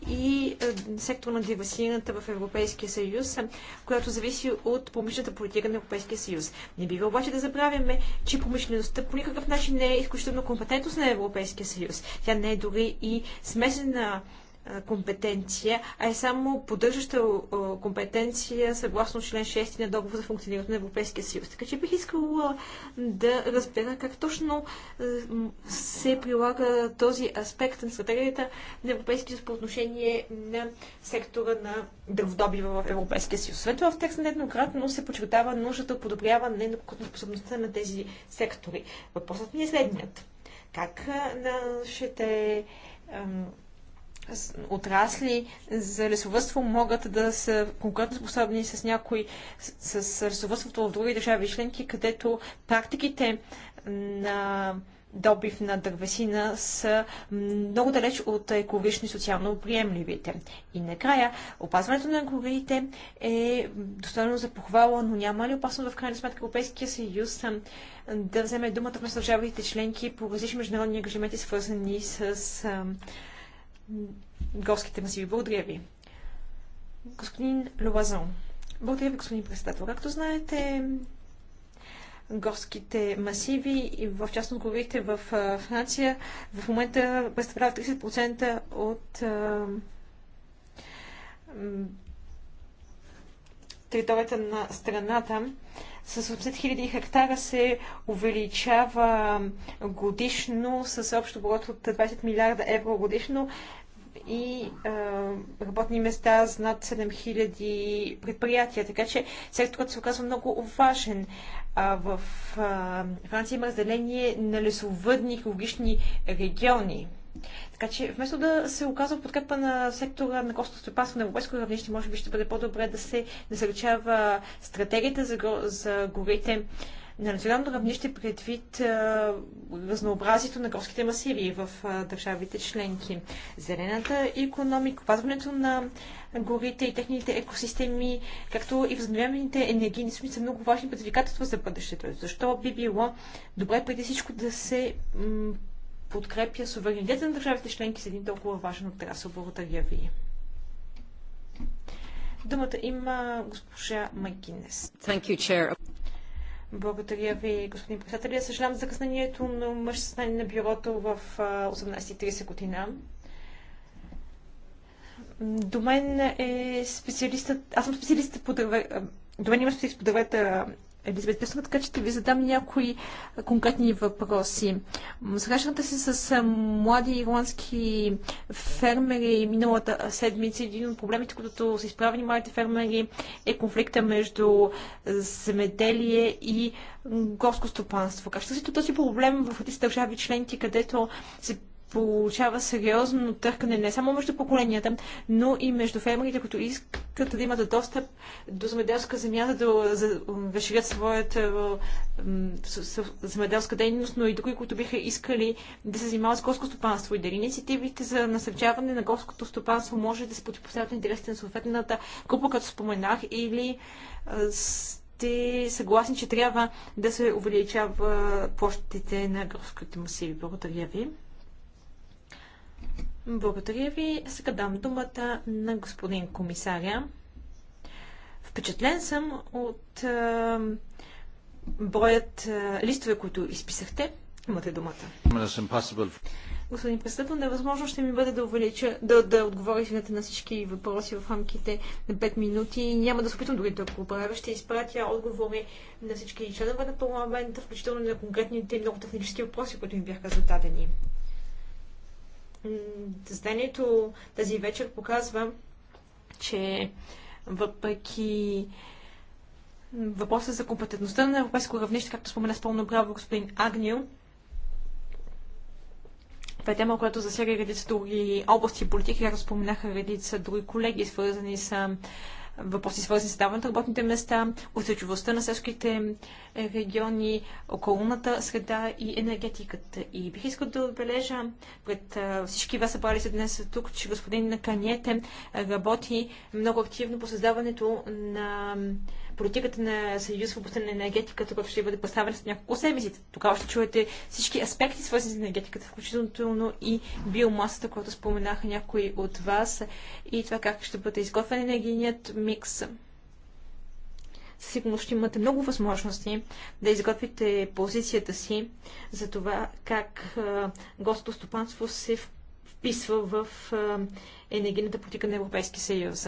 и е, сектор на диверсираната в Европейския съюз, която зависи от промишлената политика на Европейския съюз. Не бива обаче да забравяме, че промишлеността по никакъв начин не е изключително компетентност на Европейския съюз. Тя не е дори и смесена компетенция, а е само поддържаща компетенция съгласно член 6 на договор за функционирането на Европейския съюз. Така че бих искала да разбера как точно се прилага този аспект на стратегията на Европейския съюз по отношение на сектора на дърводобива в Европейския съюз. След това в текста нееднократно се подчертава нуждата от подобряване на способността на тези сектори. Въпросът ми е следният. Как нашите отрасли за лесовътство могат да са конкретно способни с някои с, с лесовътството в други държави членки, където практиките на добив на дървесина са много далеч от екологично и социално приемливите. И накрая, опазването на горите е достойно за похвала, но няма ли опасност в крайна сметка Европейския съюз да вземе думата вместо държавите членки по различни международни ангажименти, свързани с горските масиви. Благодаря ви. Господин Лоазон. Благодаря ви, господин председател. Както знаете, горските масиви и в частност горите в Франция в момента представляват 30% от територията на страната. С 80 000 хектара се увеличава годишно с общо оборот от 20 милиарда евро годишно и а, работни места с над 7000 предприятия. Така че секторът се оказва много важен. А, в а, Франция има разделение на лесовъдни екологични региони. Така че вместо да се оказва в подкрепа на сектора на костно стопанство на европейско равнище, може би ще бъде по-добре да се насърчава стратегията за, за горите на национално равнище предвид а, разнообразието на горските масиви в а, държавите членки. Зелената економика, опазването на горите и техните екосистеми, както и възобновяемите енергийни източници са много важни предизвикателства за бъдещето. Защо би било добре преди всичко да се подкрепя суверенитета на държавите членки с един толкова важен отрасъл. Благодаря ви. Думата има госпожа Макинес. Благодаря ви, господин председател. Я съжалявам за закъснението, но мъж се на бюрото в 18.30 година. До мен е специалистът... Аз съм специалист по дървета... До мен има специалист по дървета Елизабет Петрова, така че ще ви задам някои конкретни въпроси. Срещнахте се с млади ирландски фермери миналата седмица. Един от проблемите, които са изправени младите фермери е конфликта между земеделие и горско стопанство. Как ще се този проблем в тези държави членки, където се получава сериозно търкане не само между поколенията, но и между фермерите, които искат да имат достъп до земеделска земя, за да разширят своята е, земеделска дейност, но и други, които биха искали да се занимават с горско стопанство. И дали инициативите за насърчаване на горското стопанство може да се противопоставят интересите на съответната група, като споменах, или е, сте съгласни, че трябва да се увеличава площите на горските масиви. Благодаря ви. Благодаря ви. Сега дам думата на господин комисаря. Впечатлен съм от е, броят е, листове, които изписахте. Имате думата. Господин председател, невъзможно ще ми бъде да увелича, да, да отговоря на всички въпроси в рамките на 5 минути. Няма да се опитам дори да го правя. Ще изпратя отговори на всички членове на парламента, включително на конкретните много технически въпроси, които ми бяха зададени. Заседанието тази вечер показва, че въпреки въпроса за компетентността на европейско равнище, както спомена с пълно право господин Агнил, това е тема, която засяга редица други области и политики, както споменаха редица други колеги, свързани с въпроси, свързани с даването работните места, устойчивостта на селските региони, околната среда и енергетиката. И бих искал да отбележа пред всички вас, събрали се днес тук, че господин Каниете работи много активно по създаването на политиката на Съюз в областта на енергетиката, който ще бъде представен след няколко седмици. Тогава ще чуете всички аспекти, свързани с енергетиката, включително и биомасата, която споменаха някои от вас, и това как ще бъде изготвен енергийният микс сигурно ще имате много възможности да изготвите позицията си за това как гостото стопанство се вписва в енергийната политика на Европейския съюз.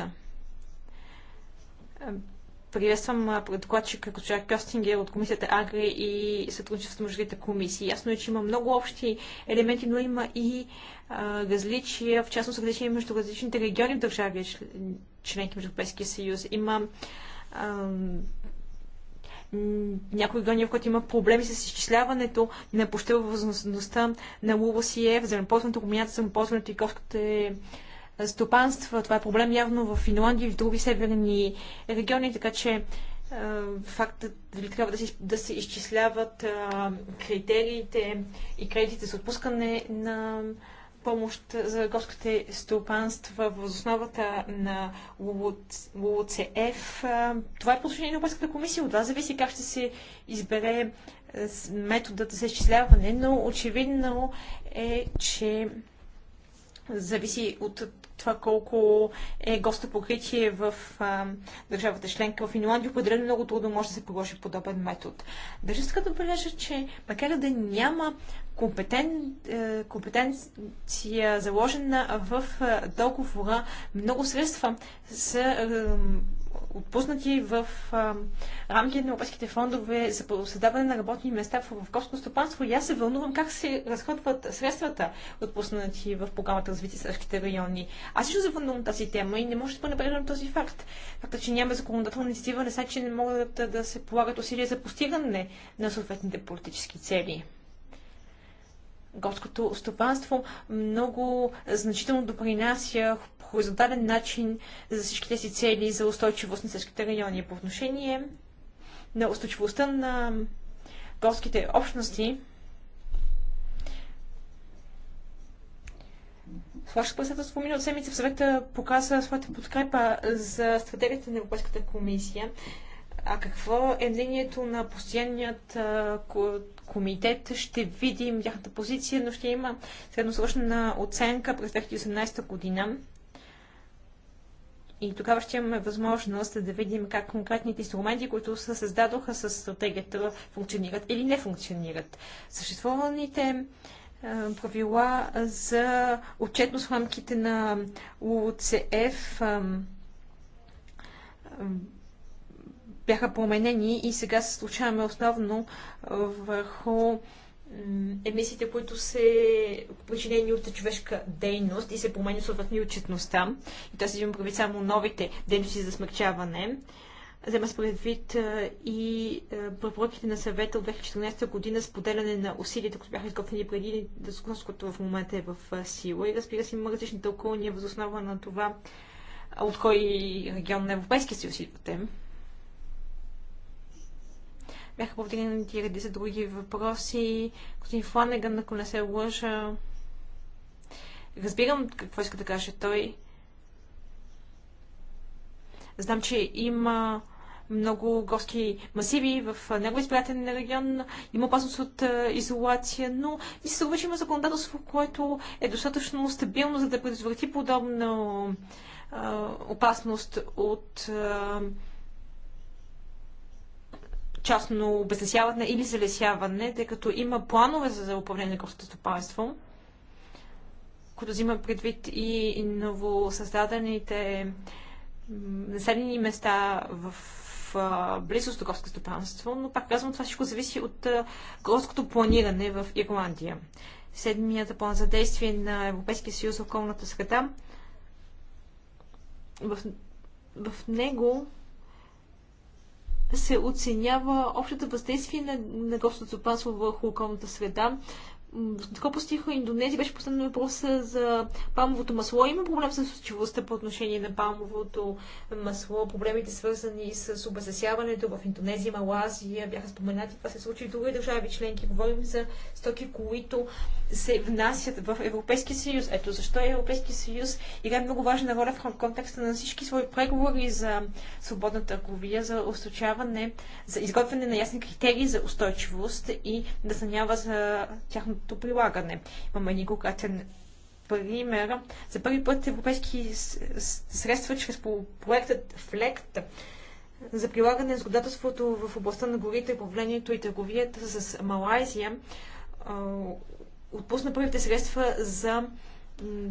Приветствам докладчика госпожа Кьостингер от комисията Агри и сътрудничеството между двете комисии. Ясно е, че има много общи елементи, но има и различия, в частност различия между различните региони в държави, членки на Европейския съюз. Има някои региони, в които има проблеми с изчисляването на пощевъзността на ЛУЛСИЕ, взаимоползването, комбината, земеползването и е стопанства. Това е проблем явно в Финландия и в други северни региони, така че е, фактът дали трябва да се, да се изчисляват а, е, критериите и кредитите за отпускане на помощ за горските стопанства в основата на ЛОЦФ. Е, това е послушение на Европейската комисия. От вас зависи как ще се избере методът за изчисляване, но очевидно е, че зависи от това колко е госта покритие в а, държавата членка. В Финландия определено много трудно може да се приложи подобен метод. Държа така да отбележа, че макар да няма компетен, е, компетенция заложена в е, договора, много средства са е, отпуснати в рамките на европейските фондове за създаване на работни места в горско стопанство. И аз се вълнувам как се разходват средствата, отпуснати в програмата развитие селските райони. Аз също се вълнувам тази тема и не може да пренебрегна този факт. Факта, че няма законодателна инициатива, не са, значи, че не могат да се полагат усилия за постигане на съответните политически цели горското стопанство много значително допринася хоризонтален начин за всичките си цели за устойчивост на всичките райони. По отношение на устойчивостта на горските общности, Вашето председателство миналата седмица в съвета показва своята подкрепа за стратегията на Европейската комисия. А какво е мнението на постоянният комитет? Ще видим тяхната позиция, но ще има средносрочна оценка през 2018 година. И тогава ще имаме възможност да видим как конкретните инструменти, които се създадоха с стратегията, функционират или не функционират. Съществуваните е, правила за отчетност в рамките на УЦФ е, е, бяха променени и сега се случаваме основно върху емисиите, които са причинени от човешка дейност и се променя съответно и отчетността. И тази взима предвид само новите дейности за смъкчаване. Взема с предвид и препоръките на съвета от 2014 година с поделяне на усилията, които бяха изготвени преди което в момента е в сила. И разбира се, има различни тълкувания възоснова на това от кой регион на Европейския съюз идвате. Бяха повдигнати редица други въпроси. Господин Фланеган, ако не се лъжа, разбирам какво иска да каже той. Знам, че има много горски масиви в него избирателен регион, има опасност от а, изолация, но ми се струва, че има законодателство, което е достатъчно стабилно, за да предотврати подобна опасност от а, частно обезлесяване или залесяване, тъй като има планове за управление на горското стопанство, които взима предвид и новосъздадените населени места в близост до горското стопанство, но пак казвам, това всичко зависи от горското планиране в Ирландия. Седмият план за действие на Европейския съюз в околната среда в, в него се оценява общото въздействие на, на горското стопанство върху околната среда, Доколко стиха Индонезия беше поставен въпроса за палмовото масло. Има проблем с устойчивостта по отношение на палмовото масло. Проблемите свързани с обезсяването в Индонезия, Малазия бяха споменати. Това се случи и в други държави членки. Говорим за стоки, които се внасят в Европейския съюз. Ето защо е Европейския съюз играе много важна роля в контекста на всички свои преговори за свободна търговия, за устойчаване, за изготвяне на ясни критерии за устойчивост и да занява за тяхното тяхното прилагане. Имаме един конкретен пример. За първи път европейски средства чрез проектът ФЛЕКТ за прилагане на сгодателството в областта на горите, управлението и търговията с Малайзия отпусна първите средства за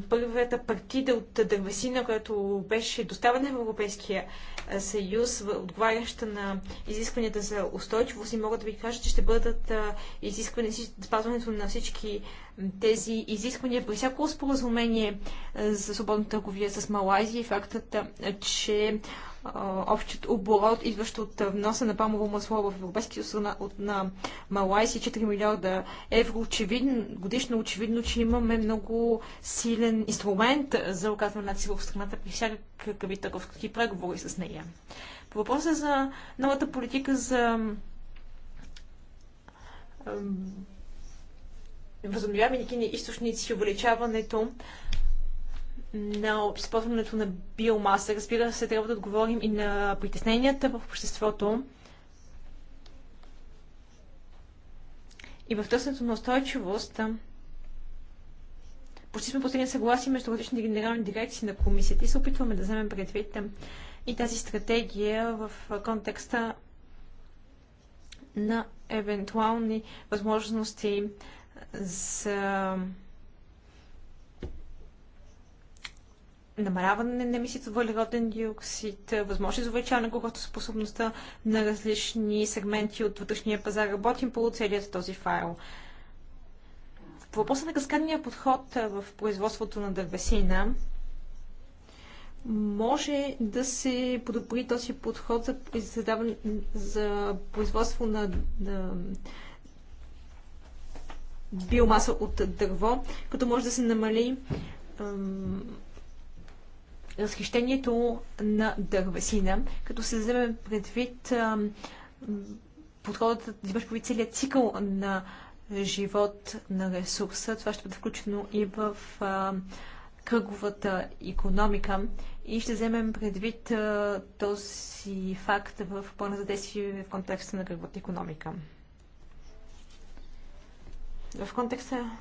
първата партида от дървесина, която беше доставена в Европейския съюз, отговаряща на изискванията за устойчивост и мога да ви кажа, че ще бъдат изисквани спазването на всички тези изисквания при всяко споразумение за свободна търговия с Малайзия и фактът, че общият оборот, идващ от вноса на памово масло в Европейския съюз на, на Малайзия 4 милиарда евро. Очевидно, годишно очевидно, че имаме много силен инструмент за оказване на сила в страната при всякакви търговски преговори с нея. По въпроса за новата политика за възобновяваме никини източници и увеличаването на използването на биомаса. Разбира се, трябва да отговорим и на притесненията в обществото. И в търсенето на устойчивост почти сме постигнали съгласие между различни генерални дирекции на комисията и се опитваме да вземем предвид и тази стратегия в контекста на евентуални възможности за намаляване на емисията въглероден диоксид, възможност за увеличаване на конкурентоспособността на различни сегменти от вътрешния пазар. Работим по целият този файл. По въпроса на каскадния подход в производството на дървесина, може да се подобри този подход за, издаване, за производство на, на биомаса от дърво, като може да се намали разхищението на дървесина, като се вземе предвид подходът да имаш по целият цикъл на живот на ресурса. Това ще бъде включено и в а, кръговата економика и ще вземем предвид а, този факт в плана за действие в контекста на кръговата економика. В контекста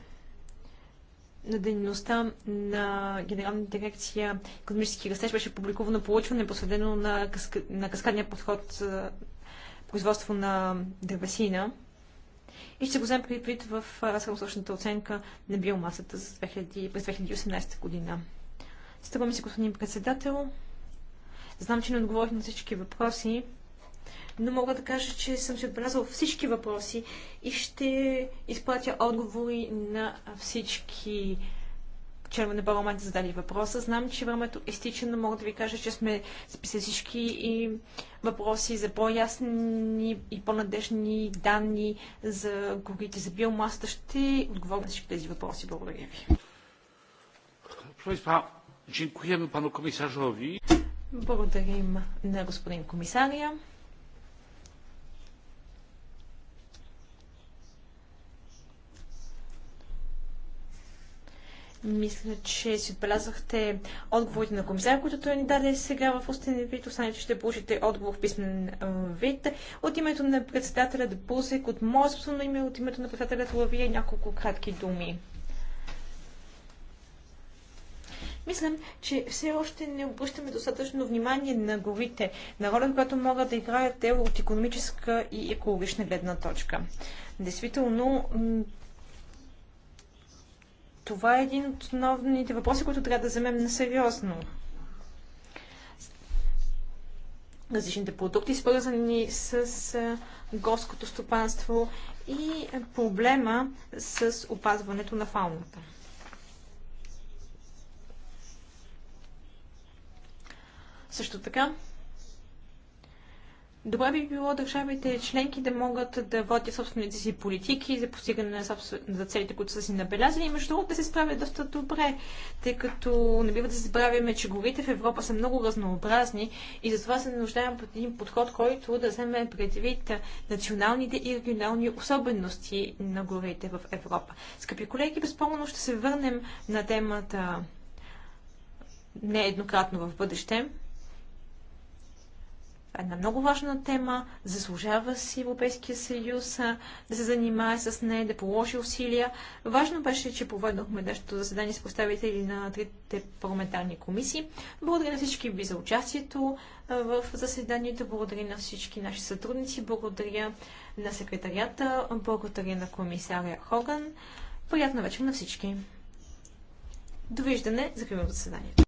на дейността на Генерална дирекция економически растеж беше публикувано получване, посведено на, каска... на каскадния подход за производство на дървесина. И ще го вземем предвид в средносрочната оценка на биомасата за 2000... през 2018 година. Стъпваме се, господин председател. Знам, че не отговорих на всички въпроси но мога да кажа, че съм си отбелязала всички въпроси и ще изплатя отговори на всички членове на парламента задали въпроса. Знам, че времето е стичено. Мога да ви кажа, че сме записали всички и въпроси за по-ясни и по-надежни данни за горите за биомаста. Ще отговоря на всички тези въпроси. Благодаря ви. Благодарим на господин комисария. Мисля, че си отбелязахте отговорите на комисаря, които той ни даде сега в устен вид. Останете ще получите отговор в писмен вид. От името на председателя Бузек, от мое собствено име, от името на председателя Лавия няколко кратки думи. Мисля, че все още не обръщаме достатъчно внимание на горите, на роля, която могат да играят те от економическа и екологична гледна точка. Действително, това е един от основните въпроси, които трябва да вземем на сериозно. Различните продукти, свързани с горското стопанство и проблема с опазването на фауната. Също така, Добре би било държавите членки да могат да водят собствените си политики за постигане на, собствен... за целите, които са си набелязали. И между другото да се справят доста добре, тъй като не бива да се забравяме, че горите в Европа са много разнообразни и затова се нуждаем от един подход, който да вземе предвид националните и регионални особености на горите в Европа. Скъпи колеги, безпълно ще се върнем на темата нееднократно в бъдеще една много важна тема, заслужава си Европейския съюз да се занимае с нея, да положи усилия. Важно беше, че проведохме днешното заседание с представители на трите парламентарни комисии. Благодаря на всички ви за участието в заседанието, благодаря на всички наши сътрудници, благодаря на секретарията, благодаря на комисаря Хоган. Приятна вечер на всички! Довиждане, закривам заседанието.